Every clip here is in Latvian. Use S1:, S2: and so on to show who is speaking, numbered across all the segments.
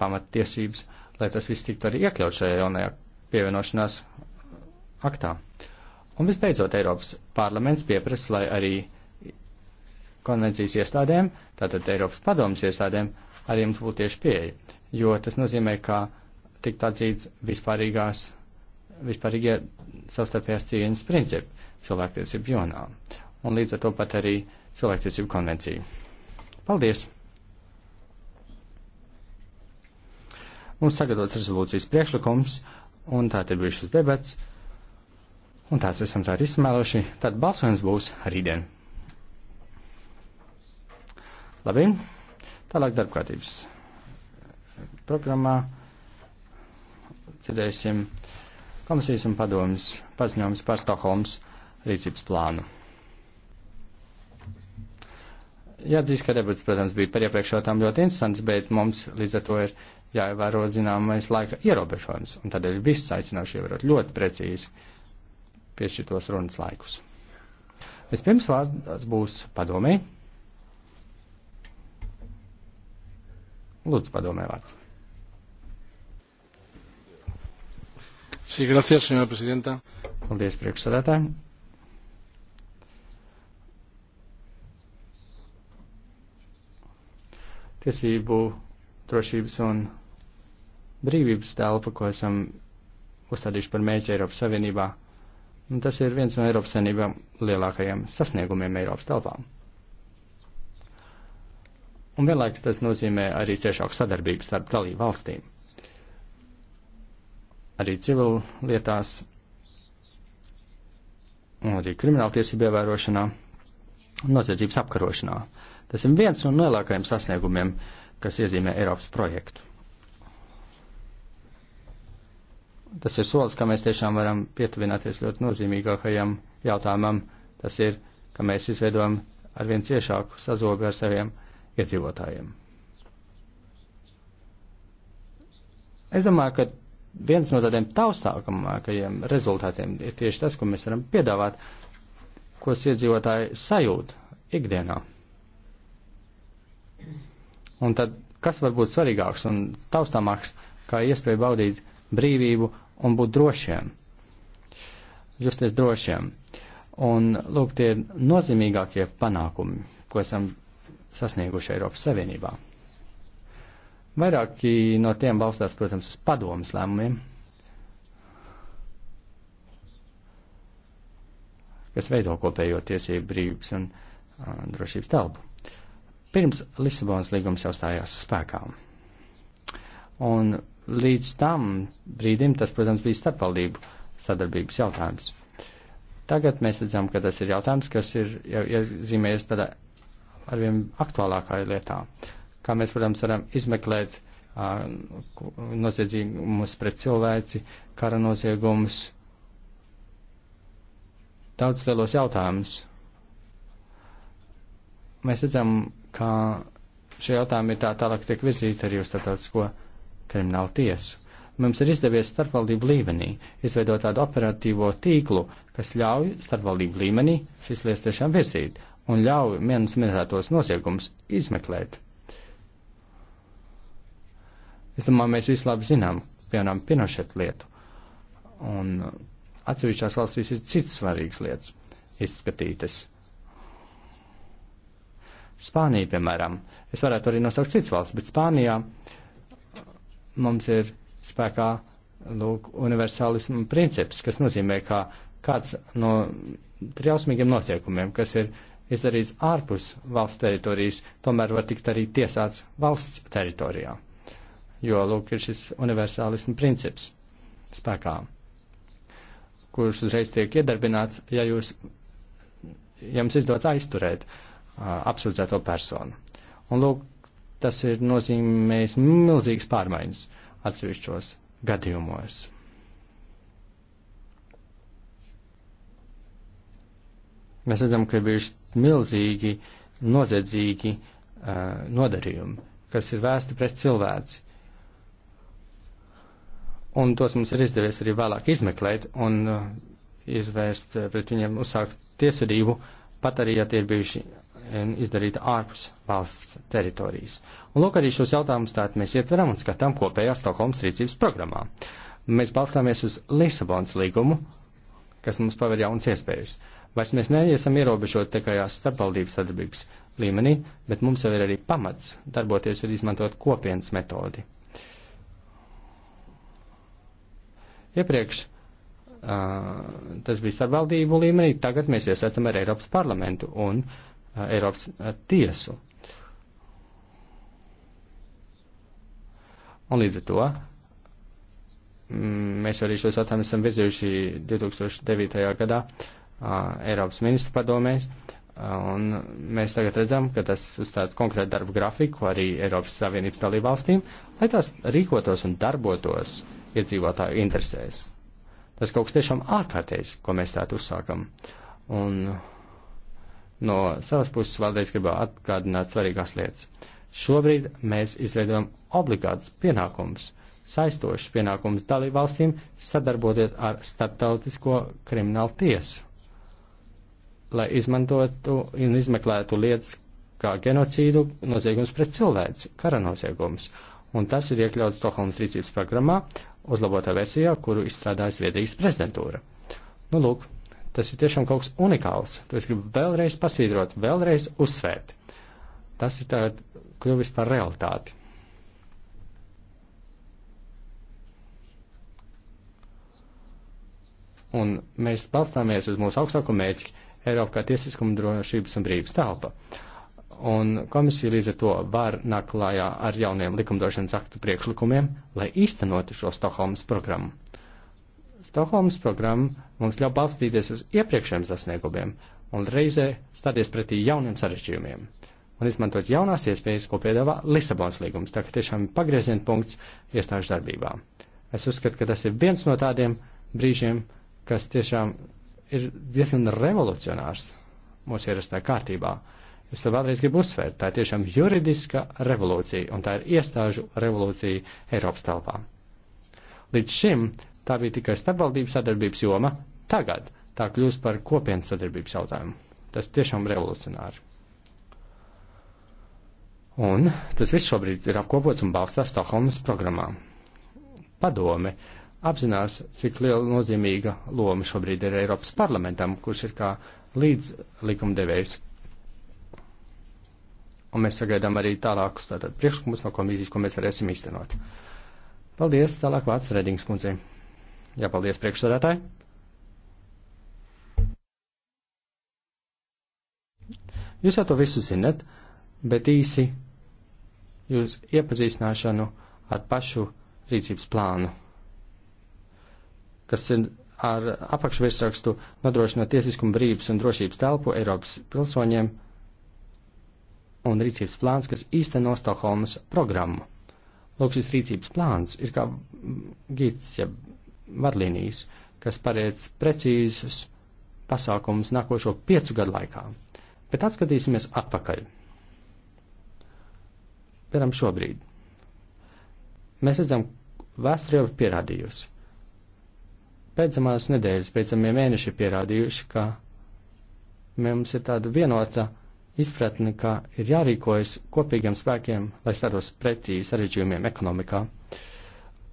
S1: pamattiesības, lai tas viss tiktu arī iekļaut šajā jaunajā pievienošanās aktā. Un visbeidzot, Eiropas parlaments pieprasa, lai arī konvencijas iestādēm, tātad Eiropas padomas iestādēm, arī mums būtu tieši pieeja, jo tas nozīmē, ka tik atzīts vispārīgās, vispārīgie savstarpējās cīņas principi cilvēktiesību jonā, un līdz ar to pat arī cilvēktiesību konvencija. Paldies! un sagatavots rezolūcijas priekšlikums, un tā ir bijušas debats, un tās esam tā izsmēluši, tad balsojums būs rītdien. Labi, tālāk darbkārtības programmā dzirdēsim komisijas un padomas paziņojums par Stokholmas rīcības plānu. Jāatzīst, ka debats, protams, bija par iepriekšotām ļoti interesants, bet mums līdz ar to ir jāievēro zināmais laika ierobežojums, un tādēļ visus aicināšu ievērot ļoti precīzi piešķirtos runas laikus. Vispirms vārds būs padomē. Lūdzu, padomē vārds. Sí, gracias, señora presidenta. Paldies, priekšsēdētāji. Tiesību drošības un brīvības telpu, ko esam uzstādījuši par mēķi Eiropas Savienībā. Un tas ir viens no Eiropas Savienībām lielākajiem sasniegumiem Eiropas telpām. Un vienlaikus tas nozīmē arī ciešāku sadarbību starp dalību valstīm. Arī civil lietās, un arī krimināltiesību ievērošanā, un noziedzības apkarošanā. Tas ir viens no lielākajiem sasniegumiem, kas iezīmē Eiropas projektu. tas ir solis, kā mēs tiešām varam pietuvināties ļoti nozīmīgākajam jautājumam. Tas ir, ka mēs izveidojam arvien ciešāku sazobi ar saviem iedzīvotājiem. Es domāju, ka viens no tādiem taustākākajiem rezultātiem ir tieši tas, ko mēs varam piedāvāt, ko iedzīvotāji sajūt ikdienā. Un tad, kas var būt svarīgāks un taustāmāks, kā iespēja baudīt brīvību un būt drošiem. Justies drošiem. Un lūk, tie ir nozīmīgākie panākumi, ko esam sasnieguši Eiropas Savienībā. Vairāki no tiem balstās, protams, uz padomas lēmumiem, kas veido kopējo tiesību brīvības un uh, drošības telpu. Pirms Lisabonas līgums jau stājās spēkā. Un Līdz tam brīdim tas, protams, bija starpvaldību sadarbības jautājums. Tagad mēs redzam, ka tas ir jautājums, kas ir jau iezīmējies tādā arvien aktuālākā lietā. Kā mēs, protams, varam izmeklēt uh, noziegumus pret cilvēci, kara noziegumus, daudz lielos jautājumus. Mēs redzam, ka šie jautājumi ir tā tālāk tiek virzīti arī uz starptautisko kriminālu tiesu. Mums ir izdevies starpvaldību līmenī izveidot tādu operatīvo tīklu, kas ļauj starpvaldību līmenī šīs lietas tiešām virzīt un ļauj vienus minētos noziegumus izmeklēt. Es domāju, mēs visi labi zinām, piemēram, Pinošet lietu. Un atsevišķās valstīs ir citas svarīgas lietas izskatītas. Spānija, piemēram, es varētu arī nosaukt citas valsts, bet Spānijā uh, mums ir spēkā lūk, universālismu princips, kas nozīmē, ka kāds no trausmīgiem nosiekumiem, kas ir izdarīts ārpus valsts teritorijas, tomēr var tikt arī tiesāts valsts teritorijā. Jo, lūk, ir šis universālismu princips spēkā, kurš uzreiz tiek iedarbināts, ja jūs, ja jums izdodas aizturēt uh, apsūdzēto personu. Un, lūk, Tas ir nozīmējis milzīgas pārmaiņas atsevišķos gadījumos. Mēs redzam, ka ir bijuši milzīgi, noziedzīgi uh, nodarījumi, kas ir vēsti pret cilvēci. Un tos mums ir izdevies arī vēlāk izmeklēt un uh, izvērst uh, pret viņiem uzsākt tiesvedību, pat arī, ja tie ir bijuši izdarīta ārpus valsts teritorijas. Un lūk arī šos jautājumus tātad mēs ietveram un skatām kopējā Stokholmas rīcības programmā. Mēs balstāmies uz Lisabonas līgumu, kas mums paver jaunas iespējas. Vairs mēs neesam ierobežoti tikai starpvaldības sadarbības līmenī, bet mums jau ir arī pamats darboties un izmantot kopienas metodi. Iepriekš Uh, tas bija starpvaldību līmenī, tagad mēs iesaistam ar Eiropas parlamentu un Uh, Eiropas uh, tiesu. Un līdz ar to mm, mēs arī šos jautājumus esam virzījuši 2009. gadā uh, Eiropas ministru padomēs, un mēs tagad redzam, ka tas uzstāda konkrētu darbu grafiku arī Eiropas Savienības dalībvalstīm, lai tās rīkotos un darbotos iedzīvotāju interesēs. Tas kaut kas tiešām ārkārtējs, ko mēs tādu uzsākam. Un No savas puses vēlreiz gribu atgādināt svarīgās lietas. Šobrīd mēs izveidojam obligātus pienākumus, saistošus pienākumus dalībvalstīm sadarboties ar starptautisko kriminālu tiesu, lai izmantotu un izmeklētu lietas kā genocīdu, noziegums pret cilvēci, kara noziegums. Un tas ir iekļauts Stokholmas rīcības programmā, uzlabotā versijā, kuru izstrādājas Viedrijas prezidentūra. Nu, lūk, Tas ir tiešām kaut kas unikāls. To es gribu vēlreiz pasvītrot, vēlreiz uzsvērt. Tas ir tagad kļuvis par realitāti. Un mēs balstāmies uz mūsu augstāko mērķi - Eiropu kā tiesiskumu drošības un brīvības telpa. Un komisija līdz ar to var nākt klājā ar jauniem likumdošanas aktu priekšlikumiem, lai īstenotu šo Stokholmas programmu. Stokholmas programma mums ļauj balstīties uz iepriekšējiem sasniegumiem un reizē stāties pretī jauniem sarežģījumiem un izmantot jaunās iespējas, ko piedāvā Lisabons līgums, tā ka tiešām pagrieziena punkts iestāžu darbībā. Es uzskatu, ka tas ir viens no tādiem brīžiem, kas tiešām ir diezgan revolucionārs mūsu ierastā kārtībā. Es to vēlreiz gribu uzsvērt, tā ir tiešām juridiska revolūcija, un tā ir iestāžu revolūcija Eiropas telpā. Līdz šim Tā bija tikai starpvaldības sadarbības joma. Tagad tā kļūst par kopienas sadarbības jautājumu. Tas tiešām revolucionāri. Un tas viss šobrīd ir apkopots un balstās Stokholmas programmā. Padome apzinās, cik liela nozīmīga loma šobrīd ir Eiropas parlamentam, kurš ir kā līdz likumdevējs. Un mēs sagaidām arī tālākus tātad priekšlikumus no komisijas, ko mēs varēsim īstenot. Paldies, tālāk vārds Redings kundzei. Jā, paldies priekšsādātāji. Jūs jau to visu zinat, bet īsi jūs iepazīstināšanu ar pašu rīcības plānu, kas ir ar apakšvirsrakstu nodrošinot tiesiskumu brīvības un drošības telpu Eiropas pilsoņiem un rīcības plāns, kas īsteno Stokholmas programmu. Lūk, šis rīcības plāns ir kā gids, ja vadlīnijas, kas paredz precīzus pasākumus nākošo piecu gadu laikā. Bet atskatīsimies atpakaļ. Piemēram, šobrīd. Mēs redzam, vēsture jau ir pierādījusi. Pēdējās nedēļas, pēdējie mēneši ir pierādījuši, ka mums ir tāda vienota izpratne, ka ir jārīkojas kopīgiem spēkiem, lai staros pretī sarežģījumiem ekonomikā. Uh,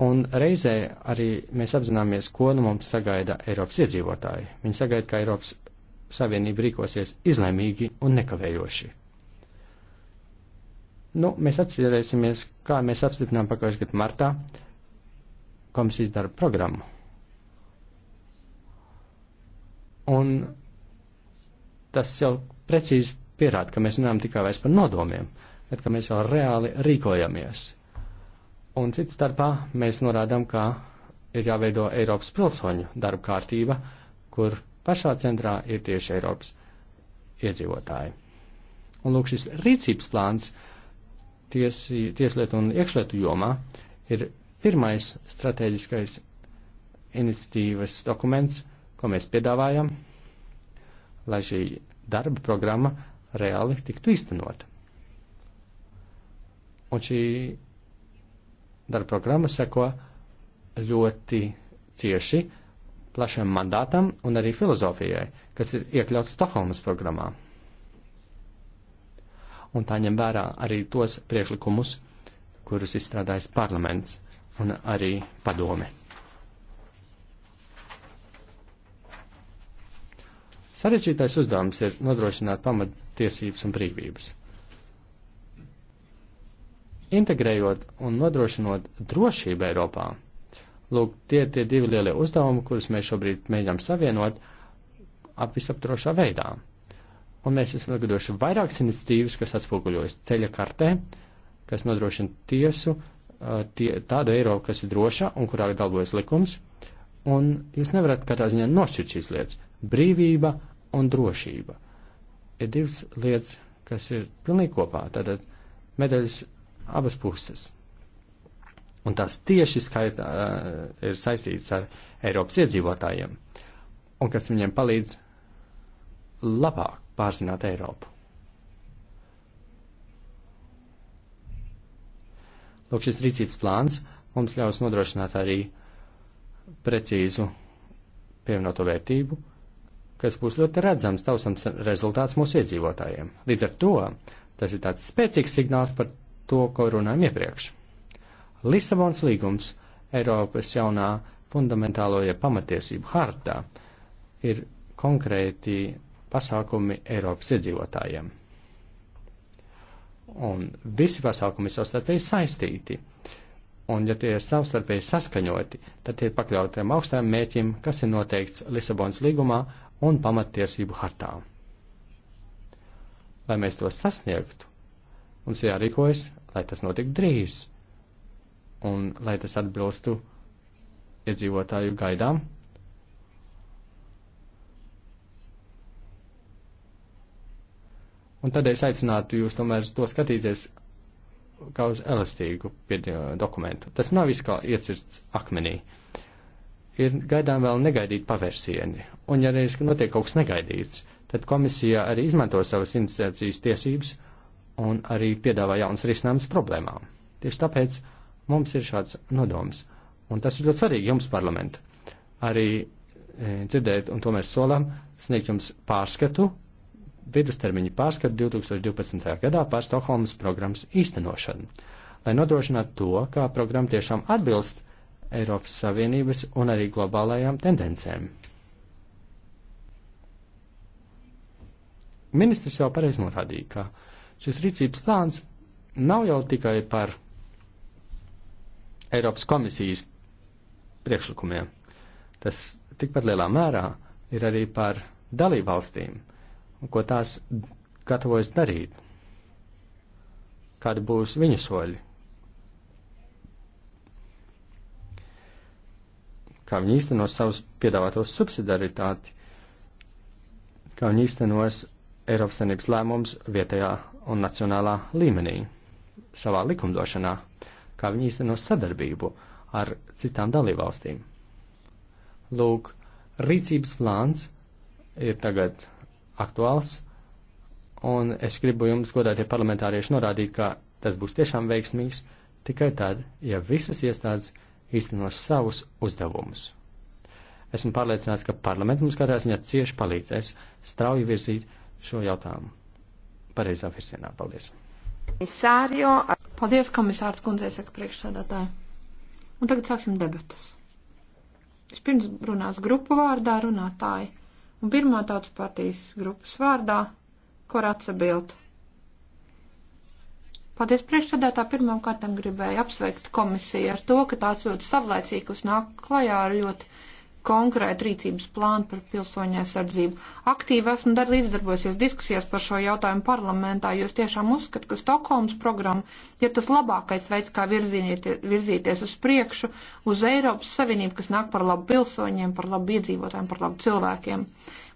S1: Un reizē arī mēs apzināmies, ko nu mums sagaida Eiropas iedzīvotāji. Viņi sagaida, ka Eiropas Savienība rīkosies izlēmīgi un nekavējoši. Nu, mēs atcerēsimies, kā mēs apstiprinām pagājušajā gadā martā komisijas darba programmu. Un tas jau precīzi pierāda, ka mēs runājam tikai vairs par nodomiem, bet ka mēs jau reāli rīkojamies. Un cits starpā mēs norādām, ka ir jāveido Eiropas pilsoņu darba kārtība, kur pašā centrā ir tieši Eiropas iedzīvotāji. Un lūk, šis rīcības plāns tiesi, tieslietu un iekšlietu jomā ir pirmais strateģiskais iniciatīvas dokuments, ko mēs piedāvājam, lai šī darba programma reāli tiktu īstenota. Un šī Darba programma seko ļoti cieši plašam mandātam un arī filozofijai, kas ir iekļauts Stokholmas programmā. Un tā ņem vērā arī tos priekšlikumus, kurus izstrādājas parlaments un arī padome. Sarežģītais uzdevums ir nodrošināt pamattiesības un brīvības integrējot un nodrošinot drošību Eiropā. Lūk, tie ir tie divi lielie uzdevumi, kurus mēs šobrīd mēģinām savienot ap visaptrošā veidā. Un mēs esam nogadoši vairākas iniciatīvas, kas atspoguļojas ceļa kartē, kas nodrošina tiesu, uh, tie, tādu Eiropu, kas ir droša un kurā darbojas likums. Un jūs nevarat katrā ziņā nošķirt šīs lietas. Brīvība un drošība ir divas lietas, kas ir pilnīgi kopā. Tātad medaļas abas puses. Un tās tieši skaitā eh, ir saistīts ar Eiropas iedzīvotājiem, un kas viņiem palīdz labāk pārzināt Eiropu. Lūk, šis rīcības plāns mums ļaus nodrošināt arī precīzu pievienoto vērtību, kas būs ļoti redzams, tausams rezultāts mūsu iedzīvotājiem. Līdz ar to tas ir tāds spēcīgs signāls par to, ko runājam iepriekš. Lisabons līgums Eiropas jaunā fundamentāloja pamatiesību hartā ir konkrēti pasākumi Eiropas iedzīvotājiem. Un visi pasākumi ir savstarpēji saistīti. Un, ja tie ir savstarpēji saskaņoti, tad tie ir pakļauti tiem augstām mēķim, kas ir noteikts Lisabonas līgumā un pamatiesību hartā. Lai mēs to sasniegtu, mums jārīkojas lai tas notiktu drīz un lai tas atbilstu iedzīvotāju gaidām. Un tad es aicinātu jūs tomēr to skatīties kā uz elastīgu dokumentu. Tas nav viss kā iecirsts akmenī. Ir gaidām vēl negaidīt pavērsieni, un ja reiz notiek kaut kas negaidīts, tad komisija arī izmanto savas iniciācijas tiesības un arī piedāvā jaunas risinājumas problēmām. Tieši tāpēc mums ir šāds nodoms, un tas ir ļoti svarīgi jums parlamentu. Arī e, dzirdēt, un to mēs solām, sniegt jums pārskatu, vidustermiņu pārskatu 2012. gadā pār Stokholmas programmas īstenošanu, lai nodrošinātu to, kā programma tiešām atbilst Eiropas Savienības un arī globālajām tendencēm. Ministrs jau pareizi norādīja, ka Šis rīcības plāns nav jau tikai par Eiropas komisijas priekšlikumiem. Tas tikpat lielā mērā ir arī par dalību valstīm, ko tās gatavojas darīt, kādi būs viņu soļi, kā viņi īstenos savus piedāvātos subsidaritāti, kā viņi īstenos Eiropas Savienības lēmums vietējā un nacionālā līmenī savā likumdošanā, kā viņi īsteno sadarbību ar citām dalībvalstīm. Lūk, rīcības plāns ir tagad aktuāls, un es gribu jums, godātie parlamentārieši, norādīt, ka tas būs tiešām veiksmīgs tikai tad, ja visas iestādes īstenos savus uzdevumus. Esmu pārliecināts, ka parlaments mums katrā ziņā cieši palīdzēs strauji virzīt šo jautājumu pareizā virsienā. Paldies!
S2: Komisārio. Paldies, komisārs kundzei, saka priekšsēdētāji. Un tagad sāksim debatas. Vispirms runās grupu vārdā runātāji, un pirmā tautas partijas grupas vārdā, kur atsabilt. Paldies priekšsēdētā pirmām kārtām gribēju apsveikt komisiju ar to, ka tāds ļoti savlaicīgi uznāk klajā ar ļoti konkrētu rīcības plānu par pilsoņu aizsardzību. Aktīvi esmu dar līdzdarbojusies diskusijās par šo jautājumu parlamentā, jo es tiešām uzskatu, ka Stokholmas programma ir tas labākais veids, kā virzīties uz priekšu, uz Eiropas Savienību, kas nāk par labu pilsoņiem, par labu iedzīvotājiem, par labu cilvēkiem.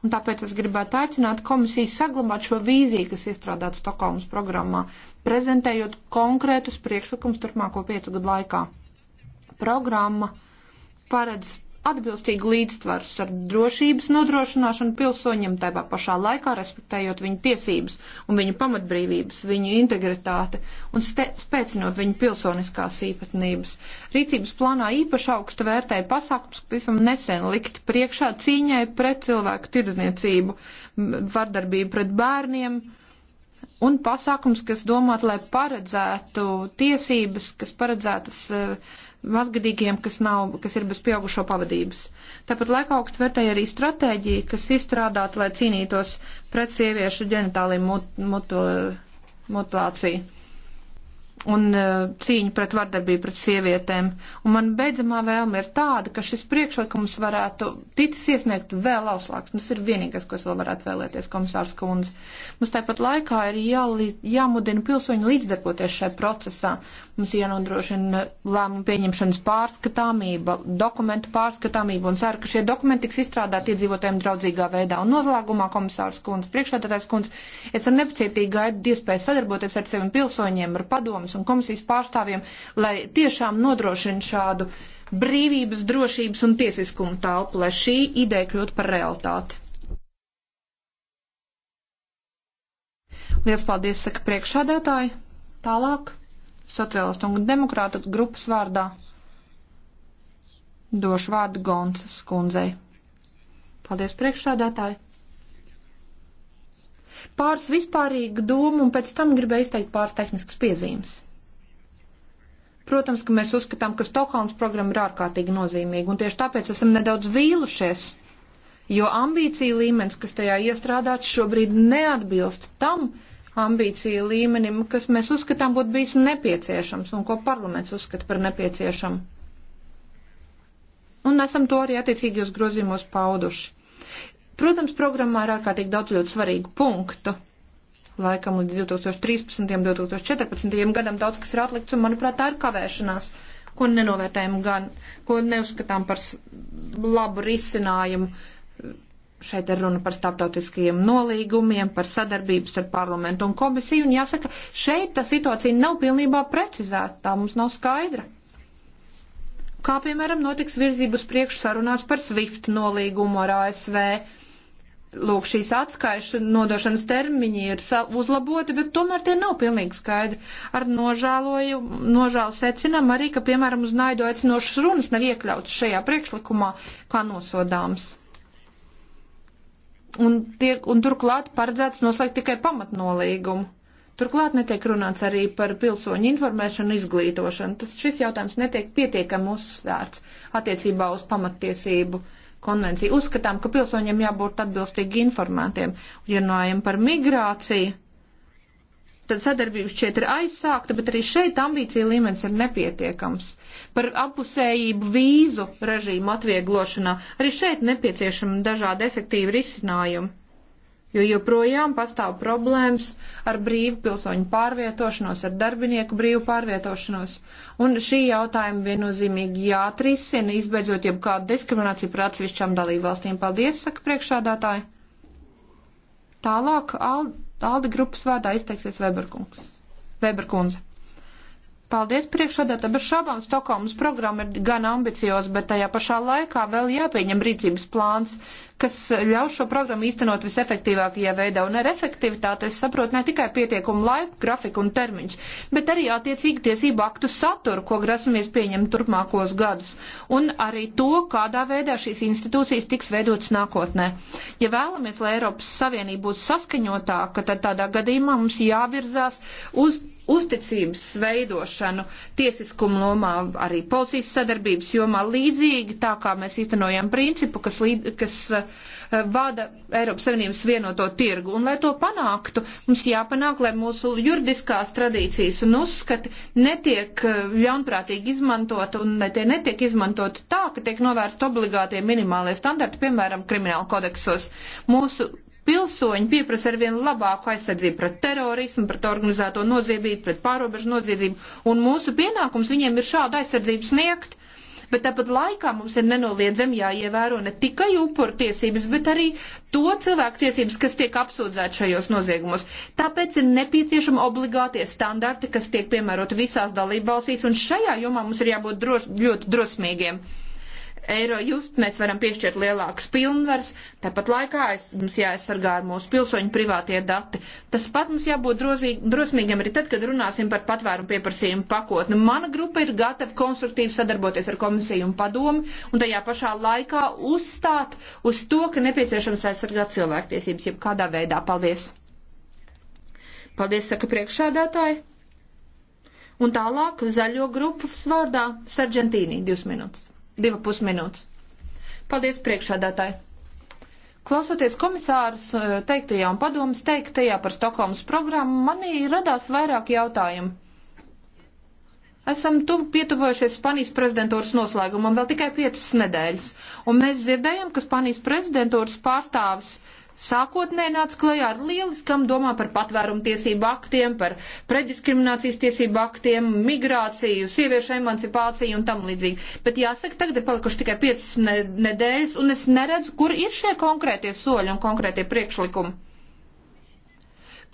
S2: Un tāpēc es gribētu aicināt komisiju saglabāt šo vīziju, kas iestrādāta Stokholmas programmā, prezentējot konkrētus priekšlikumus turpmāko piecu gadu laikā. Programma paredz atbilstīgi līdzsvars ar drošības nodrošināšanu pilsoņiem, tāpā pašā laikā respektējot viņu tiesības un viņu pamatbrīvības, viņu integritāti un spēcinot viņu pilsoniskās īpatnības. Rīcības plānā īpaši augstu vērtēja pasākums, kas pavisam nesen likti priekšā cīņai pret cilvēku tirdzniecību, vardarbību pret bērniem un pasākums, kas domāt, lai paredzētu tiesības, kas paredzētas uh, mazgadīgiem, kas, nav, kas ir bez pieaugušo pavadības. Tāpat laikā augstu vērtēja arī stratēģiju, kas izstrādāta, lai cīnītos pret sieviešu ģenitāliju mut, mut, mutilāciju un e, cīņu pret vardarbību pret sievietēm. Un man beidzamā vēlme ir tāda, ka šis priekšlikums varētu ticis iesniegt vēl auslāks. Tas ir vienīgais, ko es vēl varētu vēlēties, komisārs Kundze. Mums tāpat laikā ir jā, jāmudina pilsoņi līdzdarboties šajā procesā. Mums jānodrošina lēmumu pieņemšanas pārskatāmība, dokumentu pārskatāmība un ceru, ka šie dokumenti tiks izstrādāti iedzīvotājiem draudzīgā veidā. Un noslēgumā komisārs Kundze, priekšstādātājs Kundze, es ar nepacietību gaidu iespēju sadarboties ar saviem pilsoņiem, ar padomu padomas un komisijas pārstāvjiem, lai tiešām nodrošina šādu brīvības, drošības un tiesiskuma telpu, lai šī ideja kļūtu par realitāti. Lielas paldies, saka priekšādētāji. Tālāk, sociālistu un demokrātu grupas vārdā došu vārdu Gonsas kundzei. Paldies, priekšādētāji. Pāris vispārīgu domu un pēc tam gribēju izteikt pāris tehniskas piezīmes. Protams, ka mēs uzskatām, ka Stokholmas programma ir ārkārtīgi nozīmīga, un tieši tāpēc esam nedaudz vīlušies, jo ambīcija līmenis, kas tajā iestrādāts, šobrīd neatbilst tam ambīcija līmenim, kas mēs uzskatām būtu bijis nepieciešams un ko parlaments uzskata par nepieciešamu. Un esam to arī attiecīgi uz grozījumos pauduši. Protams, programmā ir ārkārtīgi daudz ļoti svarīgu punktu. Laikam līdz 2013. un 2014. gadam daudz kas ir atlikts, un manuprāt, tā ir kavēšanās, ko nenovērtējam gan, ko neuzskatām par labu risinājumu. Šeit ir runa par starptautiskajiem nolīgumiem, par sadarbības ar parlamentu un komisiju, un jāsaka, šeit tā situācija nav pilnībā precizēta, tā mums nav skaidra kā piemēram notiks virzības priekšsarunās par SWIFT nolīgumu ar ASV lūk, šīs atskaišu nodošanas termiņi ir uzlaboti, bet tomēr tie nav pilnīgi skaidri. Ar nožāloju, nožālu secinām arī, ka, piemēram, uz naidu aicinošas runas nav iekļauts šajā priekšlikumā kā nosodāms. Un, tiek, un turklāt paredzēts noslēgt tikai pamatnolīgumu. Turklāt netiek runāts arī par pilsoņu informēšanu, izglītošanu. Tas šis jautājums netiek pietiekami uzsvērts attiecībā uz pamattiesību uh, konvenciju. Uzskatām, ka pilsoņiem jābūt atbilstīgi informētiem. Ja runājam par migrāciju, tad sadarbības šķiet ir aizsākta, bet arī šeit ambīcija līmenis ir nepietiekams. Par apusējību vīzu režīmu atvieglošanā arī šeit nepieciešama dažādi efektīvi risinājumi jo joprojām pastāv problēmas ar brīvu pilsoņu pārvietošanos, ar darbinieku brīvu pārvietošanos. Un šī jautājuma viennozīmīgi jāatrisina, izbeidzot jau kādu diskrimināciju par atsevišķām dalībvalstīm. Paldies, saka priekšādātāji. Tālāk Alde grupas vārdā izteiksies Weberkungs. Weberkundze. Paldies priekšādātā, bez šābām Stokholmas programma ir gan ambicios, bet tajā pašā laikā vēl jāpieņem rīcības plāns, kas ļaus šo programmu īstenot visefektīvākajā veidā. Un ar efektivitāti es saprotu ne tikai pietiekumu laiku, grafiku un termiņus, bet arī attiecīgi tiesību aktu saturu, ko grasamies pieņemt turpmākos gadus. Un arī to, kādā veidā šīs institūcijas tiks veidotas nākotnē. Ja vēlamies, lai Eiropas Savienība būtu saskaņotāka, tad tādā gadījumā mums jāvirzās uz uzticības veidošanu tiesiskumu lomā, arī policijas sadarbības jomā, līdzīgi tā kā mēs īstenojam principu, kas, līd, kas eh, vada Eiropas Savienības vienoto tirgu. Un, lai to panāktu, mums jāpanāk, lai mūsu juridiskās tradīcijas un uzskati netiek eh, ļaunprātīgi izmantot un lai tie netiek izmantot tā, ka tiek novērst obligātie minimālie standarti, piemēram, krimināla kodeksos. Mūsu Pilsoņi pieprasa arvien labāku aizsardzību pret terorismu, pret organizēto noziedzību, pret pārobežu noziedzību, un mūsu pienākums viņiem ir šādu aizsardzību sniegt. Bet tāpat laikā mums ir nenoliedzami jāievēro ne tikai upuru tiesības, bet arī to cilvēku tiesības, kas tiek apsūdzēti šajos noziegumos. Tāpēc ir nepieciešama obligātie standarti, kas tiek piemēroti visās dalībvalstīs, un šajā jomā mums ir jābūt droš, ļoti drosmīgiem eiro just, mēs varam piešķirt lielākas pilnvaras, tāpat laikā es, mums jāaizsargā mūsu pilsoņu privātie dati. Tas pat mums jābūt drozīgi, drosmīgam arī tad, kad runāsim par patvērumu pieprasījumu pakotni. Mana grupa ir gatava konstruktīvi sadarboties ar komisiju un padomu un tajā pašā laikā uzstāt uz to, ka nepieciešams aizsargāt cilvēktiesības jau kādā veidā. Paldies! Paldies, saka priekšsēdētāji! Un tālāk zaļo grupas vārdā Sargentīnī divas minūtes. Divu pusminūtes. Paldies priekšādātāji. Klausoties komisāras eh, teiktajā un padomas teiktajā par Stokholmas programmu, manī radās vairāk jautājumu. Esam tuvu pietuvojušies Spanijas prezidentūras noslēgumam vēl tikai piecas nedēļas, un mēs dzirdējam, ka Spanijas prezidentūras pārstāvis uh, sākotnēji nāca klajā ar lieliskam domā par patvērumu tiesību aktiem, par prediskriminācijas tiesību aktiem, migrāciju, sieviešu emancipāciju un tam līdzīgi. Bet jāsaka, tagad ir palikuši tikai piecas nedēļas, un es neredzu, kur ir šie konkrētie soļi un konkrētie priekšlikumi.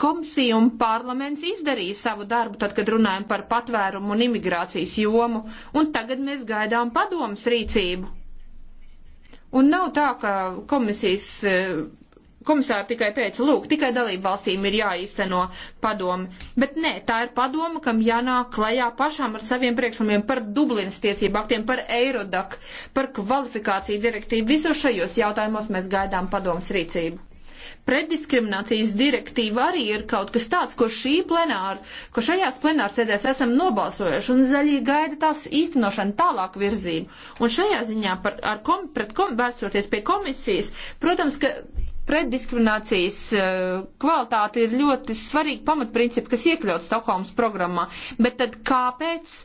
S2: Komisija un parlaments izdarīja savu darbu, tad, kad runājam par patvērumu un imigrācijas jomu, un tagad mēs gaidām padomas rīcību. Un nav tā, ka komisijas eh, Komisāri tikai teica, lūk, tikai dalību valstīm ir jāīsteno padomi. Bet nē, tā ir padoma, kam jānāk klajā pašām ar saviem priekšlikumiem par Dublinas tiesību aktiem, par Eirodak, par kvalifikāciju direktīvu. Visos šajos jautājumos mēs gaidām padomas rīcību. Preddiskriminācijas direktīva arī ir kaut kas tāds, ko šī plenāra, ko šajās plenārsēdēs esam nobalsojuši, un zaļie gaida tās īstenošanu tālāk virzību. Un šajā ziņā par, ar kom, pret kom, vērstoties pie komisijas, protams, ka Pretdiskriminācijas eh, kvalitāte ir ļoti svarīgi pamatprincipi, kas iekļauts Stokholmas programmā. Bet tad kāpēc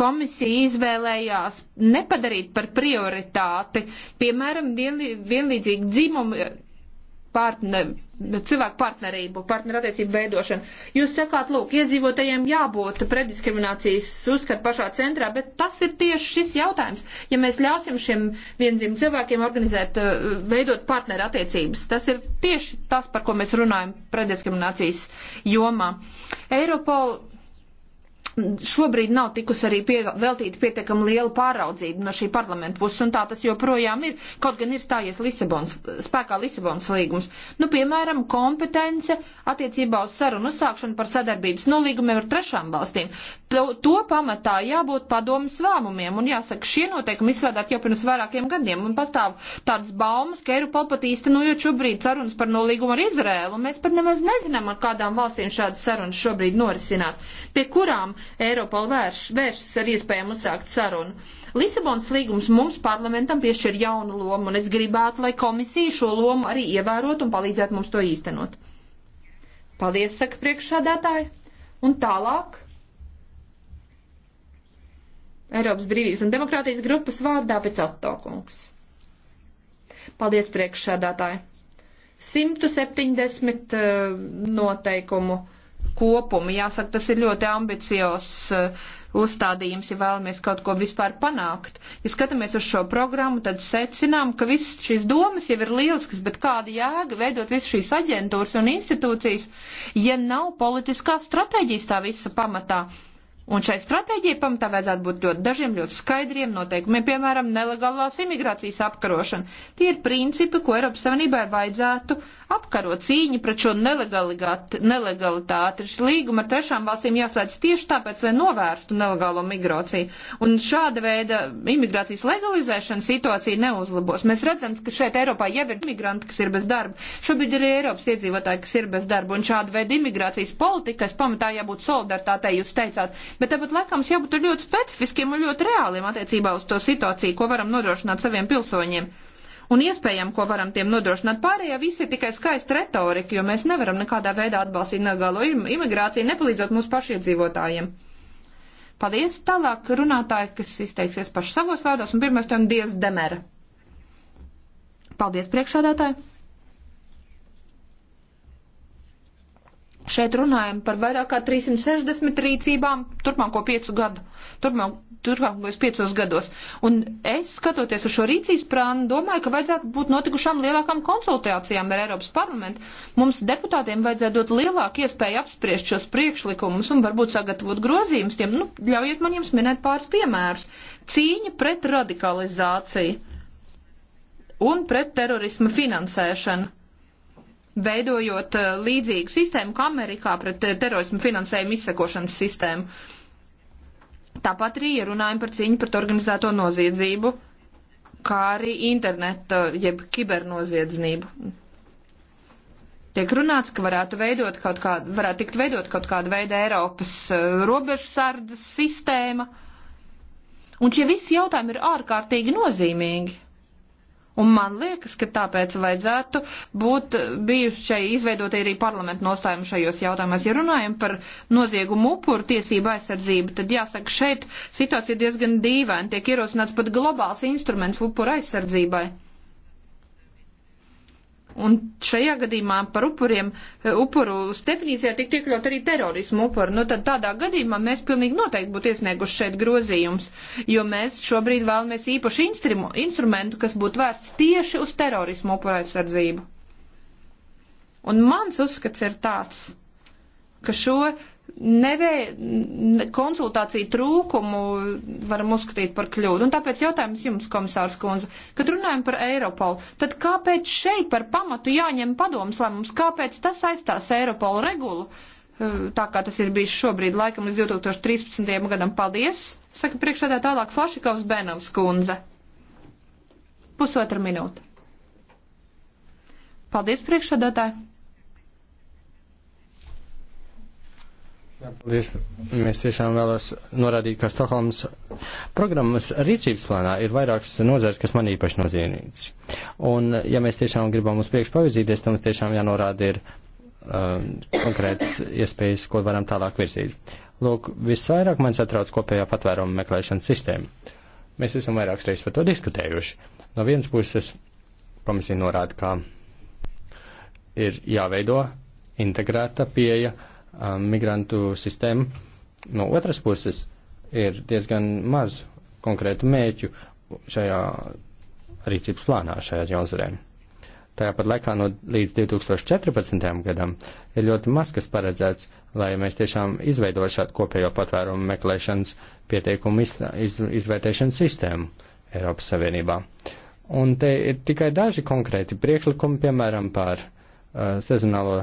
S2: komisija izvēlējās nepadarīt par prioritāti, piemēram, vienlīdzīgu dzimumu partner, cilvēku partnerību, partnerattiecību veidošanu. Jūs sakāt, lūk, iedzīvotājiem jābūt prediskriminācijas uzskat pašā centrā, bet tas ir tieši šis jautājums. Ja mēs ļausim šiem vienzīm cilvēkiem organizēt, eh, veidot partnerattiecības, tas ir tieši tas, par ko mēs runājam prediskriminācijas jomā. Eiropol šobrīd nav tikusi arī pie, veltīta pietiekami liela pāraudzība no šī parlamenta puses, un tā tas joprojām ir, kaut gan ir stājies Lisabons, spēkā Lisabons līgums. Nu, piemēram, kompetence attiecībā uz sarunu uzsākšanu par sadarbības nolīgumiem ar trešām valstīm. To, to pamatā jābūt padomas lēmumiem, un jāsaka, šie noteikumi izstrādāt jau pirms vairākiem gadiem, un pastāv tādas baumas, ka Eiropa pat īstenojot šobrīd sarunas par nolīgumu ar Izrēlu, un mēs pat nemaz nezinām, ar kādām valstīm šādas sarunas šobrīd norisinās, pie kurām Eiropola vērš, vēršas ar iespējām uzsākt sarunu. Lisabons līgums mums parlamentam piešķir jaunu lomu, un es gribētu, lai komisija šo lomu arī ievērot un palīdzētu mums to īstenot. Paldies, saka priekšsādātāji. Un tālāk. Eiropas brīvības un demokrātijas grupas vārdā pēc attākums. Paldies, priekšsādātāji. 170 uh, eh, noteikumu kopumu. Jāsaka, tas ir ļoti ambiciozs uh, uzstādījums, ja vēlamies kaut ko vispār panākt. Ja skatāmies uz šo programmu, tad secinām, ka viss šīs domas jau ir lielisks, bet kāda jēga veidot visu šīs aģentūras un institūcijas, ja nav politiskā stratēģijas tā visa pamatā. Un šai stratēģijai pamatā vajadzētu būt ļoti dažiem, ļoti skaidriem noteikumiem, piemēram, nelegālās imigrācijas apkarošana. Tie ir principi, ko Eiropas Savienībai vajadzētu uh, apkaro cīņu pret šo nelegalitāti. Šī līguma ar trešām valstīm jāslēdz tieši tāpēc, lai novērstu nelegālo migrāciju. Un šāda veida imigrācijas legalizēšana situācija neuzlabos. Mēs redzam, ka šeit Eiropā jau ir migranti, kas ir bez darba. Šobrīd ir Eiropas iedzīvotāji, kas ir bez darba. Un šāda veida imigrācijas politikas pamatā jābūt solidaritātei, jūs teicāt. Bet tāpat laikam mums jābūt ļoti specifiskiem un ļoti reāliem attiecībā uz to situāciju, ko varam nodrošināt saviem pilsoņiem un iespējām, ko varam tiem nodrošināt. Pārējā visi ir tikai skaista retorika, jo mēs nevaram nekādā veidā atbalstīt nelegālo imigrāciju, nepalīdzot mūsu pašiedzīvotājiem. Paldies. Tālāk runātāji, kas izteiksies paši savos vārdos, un pirmais tam Dievs Demera. Paldies, priekšādātāji! Šeit runājam par vairāk kā 360 rīcībām turpmāko piecu gadu, turpmāk, turpmākos piecos gados. Un es, skatoties uz šo rīcības prānu, domāju, ka vajadzētu būt notikušām lielākām konsultācijām ar Eiropas parlamentu. Mums deputātiem vajadzētu dot lielāku iespēju apspriest šos priekšlikumus un varbūt sagatavot grozījumus tiem. Nu, ļaujiet man jums minēt pāris piemērus. Cīņa pret radikalizāciju un pret terorisma finansēšanu veidojot eh, līdzīgu sistēmu kā Amerikā pret eh, terorismu finansējumu izsekošanas sistēmu. Tāpat arī runājam par cīņu pret organizēto noziedzību, kā arī interneta eh, jeb kibernoziedznību. Tiek runāts, ka varētu, veidot kaut kādu, varētu tikt veidot kaut kāda veida Eiropas robežsardas sistēma. Un šie visi jautājumi ir ārkārtīgi nozīmīgi. Un man liekas, ka tāpēc vajadzētu būt bijušai izveidotai arī parlamentu nostājumu šajos jautājumos. Ja runājam par noziegumu upuru tiesību aizsardzību, tad jāsaka, šeit situācija ir diezgan dīvaina. Tiek ierosināts pat globāls instruments upuru aizsardzībai. Un šajā gadījumā par upuriem, eh, upuru definīcijā tiek iekļaut arī terorismu upuri. Nu, tad tādā gadījumā mēs pilnīgi noteikti būtu iesnieguši šeit grozījums, jo mēs šobrīd vēlamies īpašu instrumentu, kas būtu vērsts tieši uz terorismu upuru aizsardzību. Un mans uzskats ir tāds, ka šo nevē, konsultāciju trūkumu varam uzskatīt par kļūdu. Un tāpēc jautājums jums, komisārs Kunze, kad runājam par Eiropolu, tad kāpēc šeit par pamatu jāņem padomas lēmums, kāpēc tas aizstās Eiropolu regulu, eh, tā kā tas ir bijis šobrīd laikam līdz 2013. gadam? Paldies! Saka priekšādā tālāk Flašikovs Benovs Kunze. Pusotra minūte. Paldies priekšādātāji!
S1: Jā, paldies. Mēs tiešām vēlos norādīt, ka Stokholmas programmas rīcības plānā ir vairākas nozares, kas man īpaši nozīmīgas. Un, ja mēs tiešām gribam uz priekšu pavirzīties, tad mums tiešām jānorāda ir um, konkrētas iespējas, ko varam tālāk virzīt. Lūk, visvairāk man satrauc kopējā patvēruma meklēšanas sistēma. Mēs esam vairākas reizes par to diskutējuši. No vienas puses, komisija norāda, ka ir jāveido integrēta pieeja Um, migrantu sistēmu. No otras puses ir diezgan maz konkrētu mēķu šajā rīcības plānā šajā jozarē. Tāpat laikā no līdz 2014. gadam ir ļoti maz kas paredzēts, lai mēs tiešām izveidotu šādu kopējo patvērumu meklēšanas pieteikumu iz, iz, izvērtēšanas sistēmu Eiropas Savienībā. Un te ir tikai daži konkrēti priekšlikumi, piemēram, par uh, sezonālo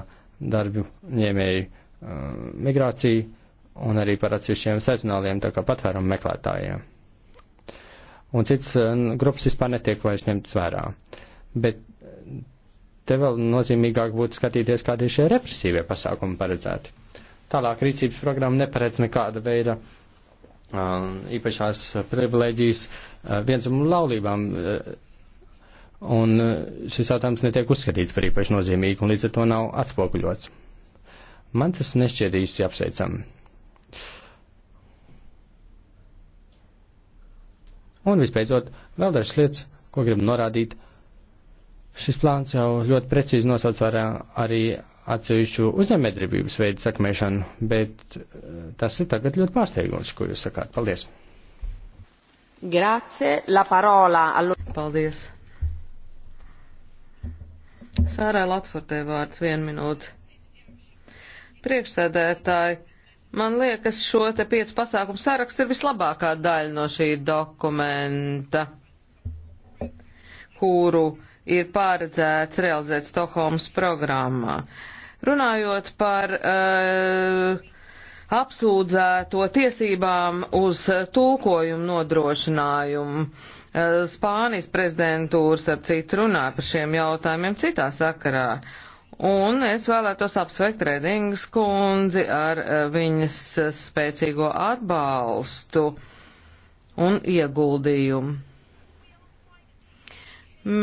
S1: darbu ņēmēju uh, Um, migrāciju un arī par atsevišķiem sezonāliem, tā kā patvērumu meklētājiem. Un cits um, grupas vispār netiek vairs ņemts vērā. Bet um, te vēl nozīmīgāk būtu skatīties, kādi ir šie represīvie pasākumi paredzēti. Tālāk rīcības programma neparedz nekāda veida īpašās privileģijas uh, vienzumu laulībām, uh, un uh, šis jautājums netiek uzskatīts par īpaši nozīmīgu, un līdz ar to nav atspoguļots. Man tas nešķiet īsti apsveicami. Un visbeidzot, vēl dažas lietas, ko gribam norādīt. Šis plāns jau ļoti precīzi nosauc ar, arī atsevišķu uzņēmējdarbības veidu sakmēšanu, bet eh, tas ir tagad ļoti pārsteidzoši, ko jūs sakāt. Paldies!
S3: Grazie, la parola. Allo... Paldies! Sārai Latfortē vārds vienu minūti. Priekšsēdētāji, man liekas, šo te piecu pasākumu saraksts ir vislabākā daļa no šī dokumenta, kuru ir paredzēts realizēt Stokholmas programmā. Runājot par uh, apsūdzēto tiesībām uz tulkojumu nodrošinājumu, uh, Spānijas prezidentūra, starp citu, runāja par šiem jautājumiem citā sakarā. Uh, Un es vēlētos apsveikt Redingas kundzi ar eh, viņas eh, spēcīgo atbalstu un ieguldījumu.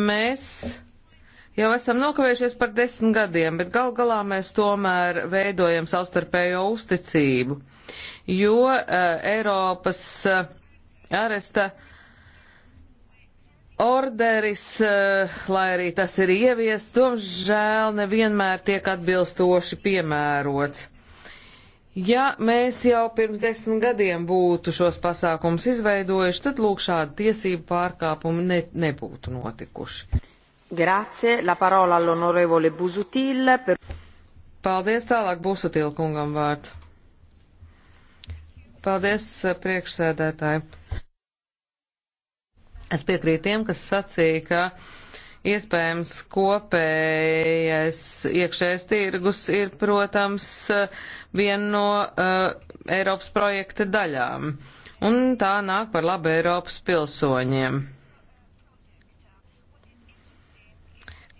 S3: Mēs jau esam nokavējušies par desmit gadiem, bet gal galā mēs tomēr veidojam savstarpējo uzticību, jo uh, Eiropas uh, aresta uh, orderis, eh, lai arī tas ir ieviests, tomžēl nevienmēr tiek atbilstoši piemērots. Ja mēs jau pirms desmit gadiem būtu šos pasākumus izveidojuši, tad lūk šādi tiesību pārkāpumi ne, nebūtu notikuši. Grazie, la parola all'onorevole Busutil. Per... Paldies tālāk Busutil kungam vārds. Paldies eh, priekšsēdētāji. Es piekrītu tiem, kas sacīja, ka iespējams kopējais iekšējais tirgus ir, protams, viena no uh, Eiropas projekta daļām, un tā nāk par labu Eiropas pilsoņiem.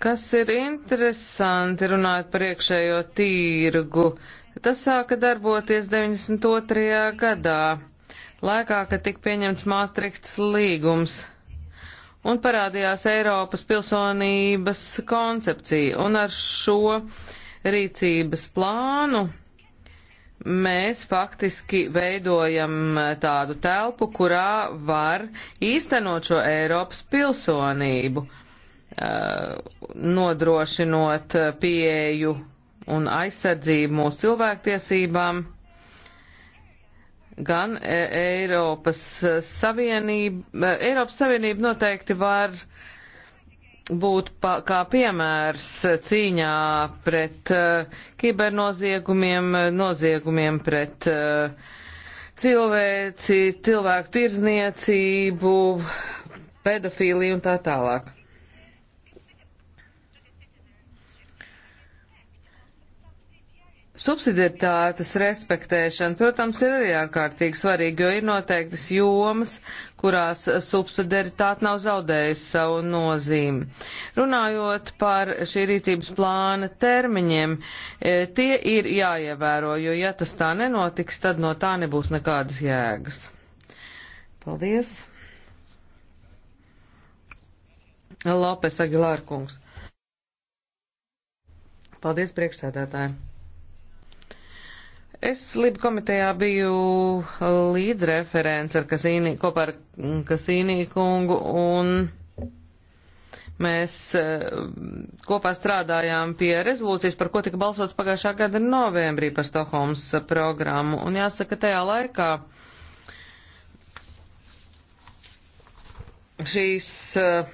S3: Kas ir interesanti runājot par iekšējo tirgu, tas sāka darboties 92. gadā, laikā, kad tika pieņemts Māstrikts līgums un parādījās Eiropas pilsonības koncepcija. Un ar šo rīcības plānu mēs faktiski veidojam tādu telpu, kurā var īstenot šo Eiropas pilsonību, eh, nodrošinot pieeju un aizsardzību mūsu cilvēktiesībām gan e, Eiropas e, Savienība, e, Eiropas Savienība noteikti var būt pa, kā piemērs cīņā pret uh, kibernoziegumiem, noziegumiem pret uh, cilvēci, cilvēku tirzniecību, pedofīliju un tā tālāk. Subsidiaritātes respektēšana, protams, ir arī ārkārtīgi svarīga, jo ir noteiktas jomas, kurās subsidiaritāte nav zaudējusi savu nozīmi. Runājot par šī rīcības plāna termiņiem, e, tie ir jāievēro, jo ja tas tā nenotiks, tad no tā nebūs nekādas jēgas. Paldies! Lopes Agilārkungs. Paldies priekšsēdētājiem! Es Liba komitejā biju līdzreferents ar Kasīnī, kopā ar Kasīnī kungu un mēs eh, kopā strādājām pie rezolūcijas, par ko tika balsots pagājušā gada novembrī par Stokholmas programmu. Un jāsaka, tajā laikā šīs uh,